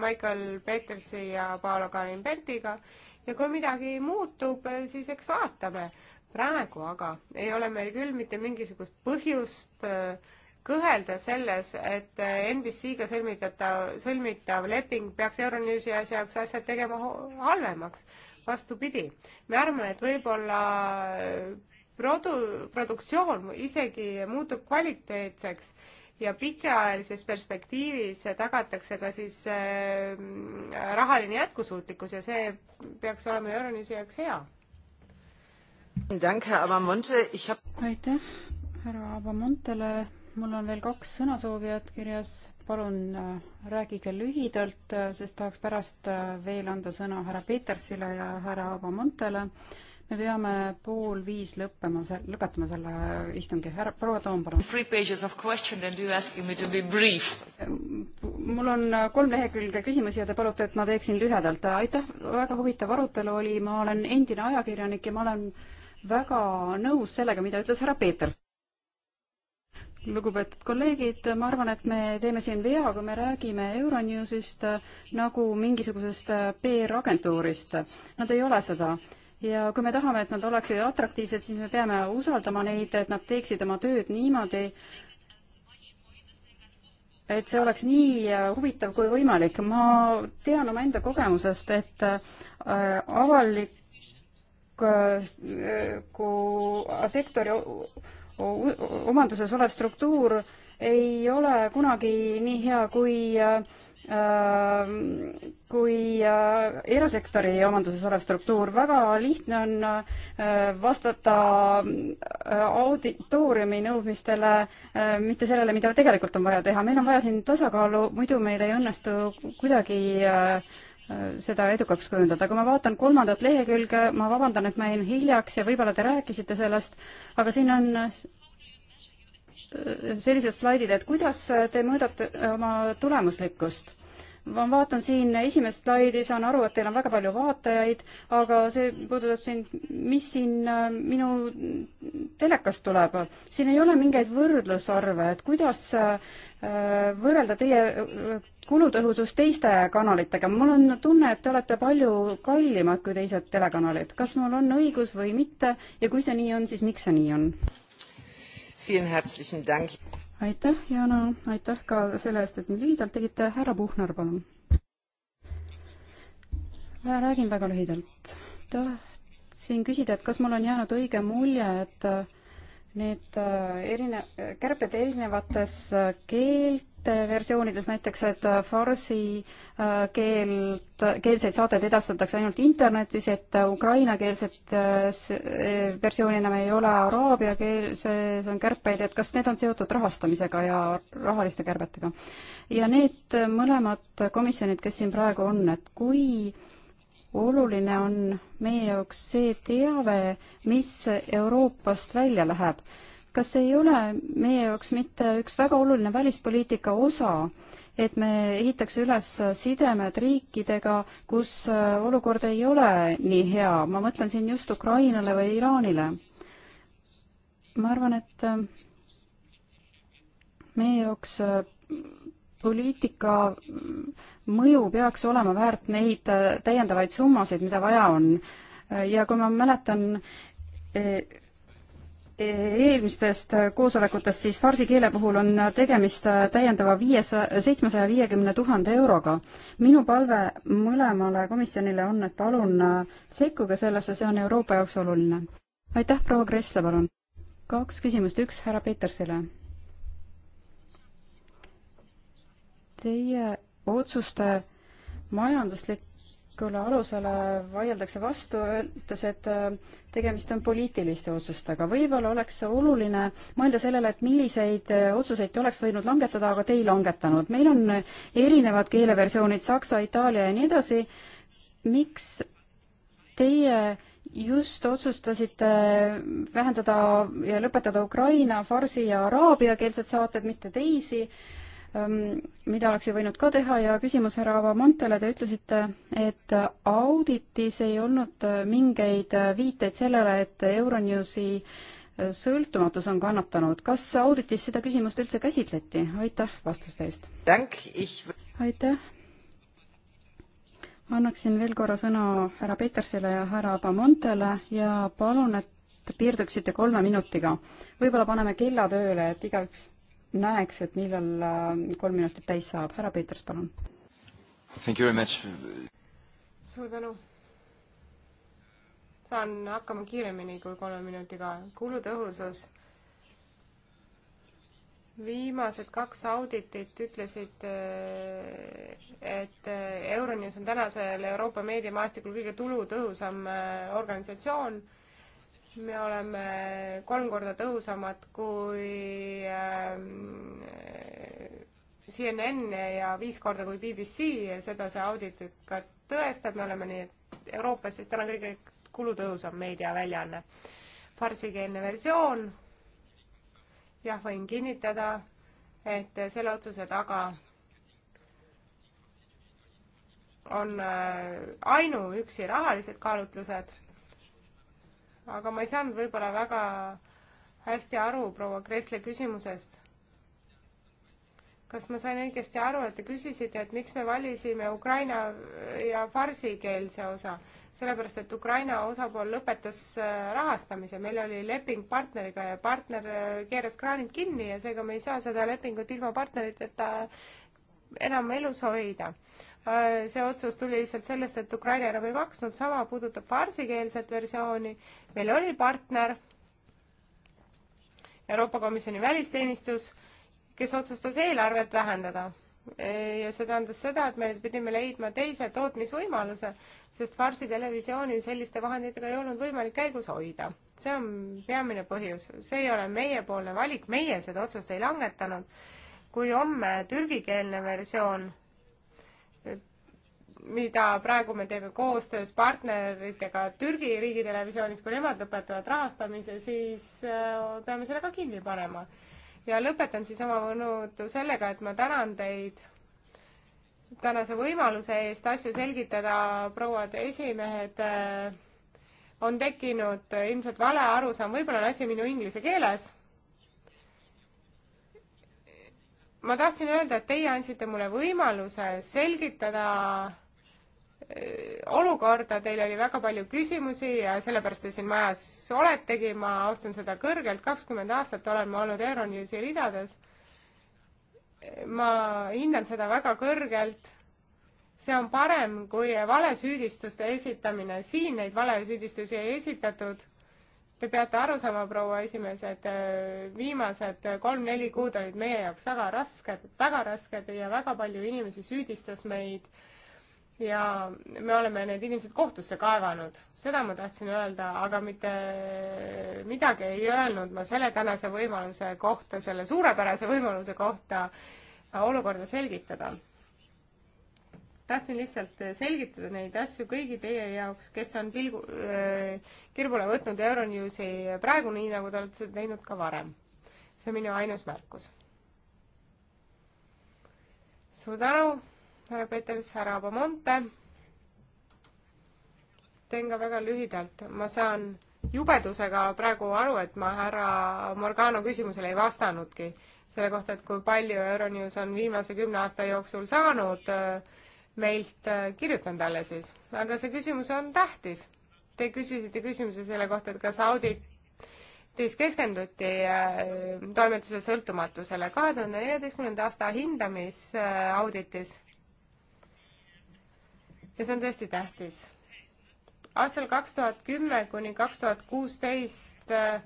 Michael Petersi ja Paolo Karin-Bertiga ja kui midagi muutub, siis eks vaatame. praegu aga ei ole meil küll mitte mingisugust põhjust äh, kõhelda selles, et äh, NBC-ga sõlmitatav, sõlmitav leping peaks Euronewsi asja jaoks asjad tegema halvemaks. vastupidi, me arvame, et võib-olla äh, produ-, produktsioon isegi muutub kvaliteetseks ja pikaajalises perspektiivis tagatakse ka siis äh, rahaline jätkusuutlikkus ja see peaks olema Euronüüsi jaoks hea. aitäh härra Abamontele, mul on veel kaks sõnasoovijat kirjas, palun äh, rääkige lühidalt, äh, sest tahaks pärast äh, veel anda sõna härra Petersile ja härra Abamontele äh, me peame pool viis lõppema, lõpetama selle istungi. härra, proua Toom, palun. mul on kolm lehekülge küsimusi ja te palute, et ma teeksin lühedalt. aitäh, väga huvitav arutelu oli, ma olen endine ajakirjanik ja ma olen väga nõus sellega, mida ütles härra Peeters lugupeetud kolleegid, ma arvan, et me teeme siin vea, kui me räägime Euronewsist nagu mingisugusest PR-agentuurist. Nad ei ole seda ja kui me tahame, et nad oleksid atraktiivsed, siis me peame usaldama neid, et nad teeksid oma tööd niimoodi, et see oleks nii huvitav kui võimalik. ma tean omaenda kogemusest, et äh, avaliku äh, äh, sektori omanduses olev struktuur ei ole kunagi nii hea kui äh, Äh, kui äh, erasektori omanduses olev struktuur. väga lihtne on äh, vastata auditooriumi nõudmistele, mitte sellele, mida tegelikult on vaja teha. meil on vaja siin tasakaalu, muidu meil ei õnnestu kuidagi seda edukaks kujundada. kui ma vaatan kolmandat lehekülge, ma vabandan, et ma jäin hiljaks ja võib-olla te rääkisite sellest, aga siin on sellised slaidid, et kuidas te mõõdate oma tulemuslikkust? ma vaatan siin esimest slaidi, saan aru, et teil on väga palju vaatajaid, aga see puudutab siin, mis siin äh, minu telekast tuleb. siin ei ole mingeid võrdlusarve, et kuidas äh, võrrelda teie äh, kulutõhusus teiste kanalitega. mul on tunne, et te olete palju kallimad kui teised telekanalid. kas mul on õigus või mitte ja kui see nii on, siis miks see nii on? aitäh, Jana, aitäh ka selle eest, et nii lühidalt tegite. härra Puhnar, palun. Äh, räägin väga lühidalt. tahtsin küsida, et kas mul on jäänud õige mulje, et äh, need äh, erine-, kärped erinevates keelt, versioonides näiteks, et äh, farsi äh, keelt, keelseid saateid edastatakse ainult internetis, et äh, ukrainakeelset versiooni enam ei ole, araabia keelses on kärpeid, et kas need on seotud rahastamisega ja rahaliste kärbetega? ja need mõlemad komisjonid, kes siin praegu on, et kui oluline on meie jaoks see teave, mis Euroopast välja läheb kas ei ole meie jaoks mitte üks väga oluline välispoliitika osa, et me ehitaks üles sidemed riikidega, kus äh, olukord ei ole nii hea, ma mõtlen siin just Ukrainale või Iraanile. ma arvan, et äh, meie jaoks äh, poliitika mõju peaks olema väärt neid täiendavaid summasid, mida vaja on. ja kui ma mäletan eelmistest koosolekutest, siis farsi keele puhul on tegemist täiendava viiesaja, seitsmesaja viiekümne tuhande euroga. minu palve mõlemale komisjonile on, et palun sekkuge sellesse, see on Euroopa jaoks oluline. aitäh, proua Kressle, palun. kaks küsimust, üks härra Petersile. Teie otsuste majanduslik kelle alusele vaieldakse vastu, öeldes, et äh, tegemist on poliitiliste otsustega. võib-olla oleks oluline mõelda sellele, et milliseid äh, otsuseid te oleks võinud langetada, aga te ei langetanud. meil on erinevad keeleversioonid saksa, itaalia ja nii edasi. miks teie just otsustasite vähendada ja lõpetada Ukraina, farsi ja araabia keelsed saated, mitte teisi äh, Ehm, mida oleks ju võinud ka teha ja küsimus härra Avamontele, te ütlesite, et auditis ei olnud äh, mingeid äh, viiteid sellele, et Euronewsi äh, sõltumatus on kannatanud. kas auditis seda küsimust üldse käsitleti? aitäh vastuste eest! aitäh! annaksin veel korra sõna härra Petersile ja härra Abamontele ja palun, et piirduksite kolme minutiga. võib-olla paneme kella tööle, et igaüks näeks, et millal äh, kolm minutit täis saab. härra Peeters, palun. suur tänu. saan hakkama kiiremini kui kolme minutiga. kulutõhusus. viimased kaks auditit ütlesid, äh, et äh, Euronews on tänasel Euroopa meediamaastikul kõige tulutõhusam organisatsioon me oleme kolm korda tõhusamad kui ähm, CNN ja viis korda kui BBC ja seda see audit ka tõestab, me oleme nii, et Euroopas siis täna kõige kulutõhusam meediaväljaanne. farsikeelne versioon, jah, võin kinnitada, et selle otsuse taga on äh, ainuüksi rahalised kaalutlused aga ma ei saanud võib-olla väga hästi aru proua Kressle küsimusest. kas ma sain õigesti aru, et te küsisite, et miks me valisime ukraina ja farsikeelse osa? sellepärast, et Ukraina osapool lõpetas äh, rahastamise, meil oli leping partneriga ja partner äh, keeras kraanid kinni ja seega me ei saa seda lepingut ilma partneriteta enam elus hoida Äh, see otsus tuli lihtsalt sellest, et Ukraina enam ei maksnud, sama puudutab farsikeelset versiooni. meil oli partner, Euroopa Komisjoni välisteenistus, kes otsustas eelarvet vähendada. Äh, ja see tähendas seda, et me pidime leidma teise tootmisvõimaluse, sest farsi televisiooni selliste vahenditega ei olnud võimalik käigus hoida. see on peamine põhjus, see ei ole meiepoolne valik, meie seda otsust ei langetanud. kui homme türgikeelne versioon mida praegu me teeme koostöös partneritega Türgi riigitelevisioonis, kui nemad lõpetavad rahastamise, siis äh, peame selle ka kinni panema. ja lõpetan siis oma mõnutu sellega, et ma tänan teid tänase võimaluse eest asju selgitada, prouad esimehed, äh, on tekkinud ilmselt vale arusaam, võib-olla on asi minu inglise keeles ma tahtsin öelda, et teie andsite mulle võimaluse selgitada Äh, olukorda, teil oli väga palju küsimusi ja sellepärast te siin majas oletegi, ma austan seda kõrgelt, kakskümmend aastat olen ma olnud Euronewsi ridades. ma hindan seda väga kõrgelt. see on parem kui valesüüdistuste esitamine, siin neid valesüüdistusi ei esitatud. Te peate aru saama, proua esimees, et äh, viimased kolm-neli kuud olid meie jaoks väga rasked, väga rasked ja väga palju inimesi süüdistas meid äh, ja me oleme need inimesed kohtusse kaevanud, seda ma tahtsin öelda, aga mitte midagi ei öelnud ma selle tänase võimaluse kohta, selle suurepärase võimaluse kohta olukorda selgitada. tahtsin lihtsalt selgitada neid asju kõigi teie jaoks, kes on pilgu äh,, kirbule võtnud Euronewsi praegu, nii nagu te olete seda teinud ka varem. see on minu ainus märkus. suur tänu härra Peters, härra Abamonte. teen ka väga lühidalt, ma saan jubedusega praegu aru, et ma härra Morgano küsimusele ei vastanudki selle kohta, et kui palju Euronews on viimase kümne aasta jooksul saanud äh, meilt, äh, kirjutan talle siis. aga see küsimus on tähtis. Te küsisite küsimuse selle kohta, et kas auditis keskenduti äh, toimetuse sõltumatusele. kahe tuhande neljateistkümnenda aasta hindamisauditis ja see on tõesti tähtis. aastal kaks tuhat kümme kuni kaks tuhat kuusteist eh,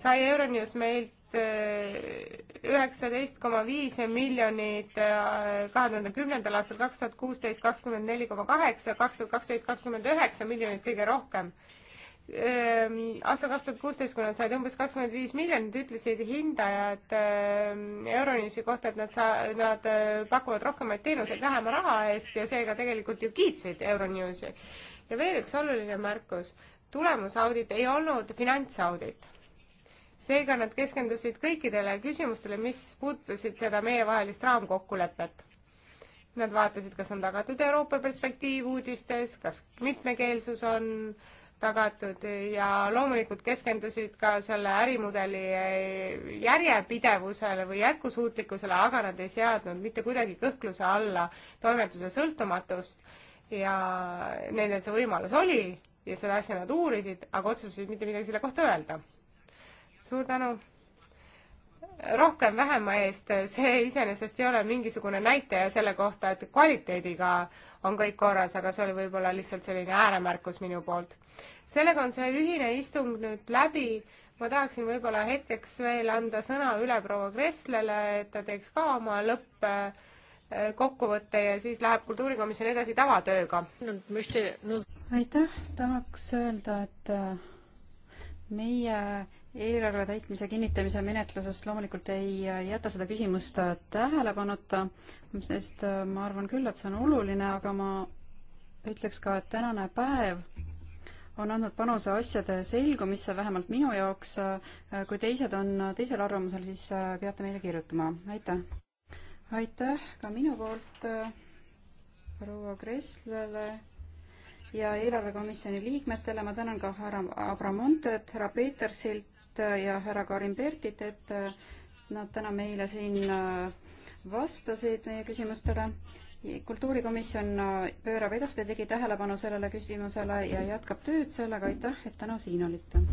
sai Euronews meilt eh, üheksateist koma viis miljonit eh, kahe tuhande kümnendal aastal, kaks tuhat kuusteist kakskümmend neli koma kaheksa, kaks tuhat kaksteist kakskümmend üheksa miljonit kõige rohkem Ehm, aastal kaks tuhat kuusteist, kui nad said umbes kakskümmend viis miljonit, ütlesid hindajad ehm, Euronewsi kohta, et nad saa-, nad äh, pakuvad rohkemaid teenuseid vähema raha eest ja seega tegelikult ju kiitsid Euronewsi. ja veel üks oluline märkus, tulemusaudit ei olnud finantsaudit. seega nad keskendusid kõikidele küsimustele, mis puudutasid seda meievahelist raamkokkulepet Nad vaatasid, kas on tagatud Euroopa perspektiiv uudistes, kas mitmekeelsus on äh, tagatud ja loomulikult keskendusid ka selle ärimudeli eh, järjepidevusele või jätkusuutlikkusele, aga nad ei seadnud mitte kuidagi kõhkluse alla toimetuse sõltumatust ja nendel see võimalus oli ja seda asja nad uurisid, aga otsustasid mitte midagi selle kohta öelda. suur tänu! rohkem vähema eest, see iseenesest ei ole mingisugune näitaja selle kohta, et kvaliteediga on kõik korras, aga see oli võib-olla lihtsalt selline ääremärkus minu poolt. sellega on see ühine istung nüüd läbi, ma tahaksin võib-olla hetkeks veel anda sõna üle proua Kresslele, et ta teeks ka oma lõppkokkuvõtte äh, ja siis läheb kultuurikomisjon edasi tavatööga. aitäh, tahaks öelda, et äh, meie eelarve täitmise kinnitamise menetlusest loomulikult ei äh, jäta seda küsimust äh, tähelepanuta, sest äh, ma arvan küll, et see on oluline, aga ma ütleks ka, et tänane päev on andnud panuse asjade selgumisse, vähemalt minu jaoks. kui teised on teisel arvamusel, siis peate meile kirjutama. aitäh! aitäh ka minu poolt proua Kresslale ja eelarvekomisjoni liikmetele, ma tänan ka härra Abramontet, härra Petersilt, Brett äh, ja härra Karin Pertit, et äh, nad täna meile siin äh, vastasid meie küsimustele. kultuurikomisjon pöörab edaspidigi tähelepanu sellele küsimusele ja jätkab tööd sellega. aitäh, et täna siin olite.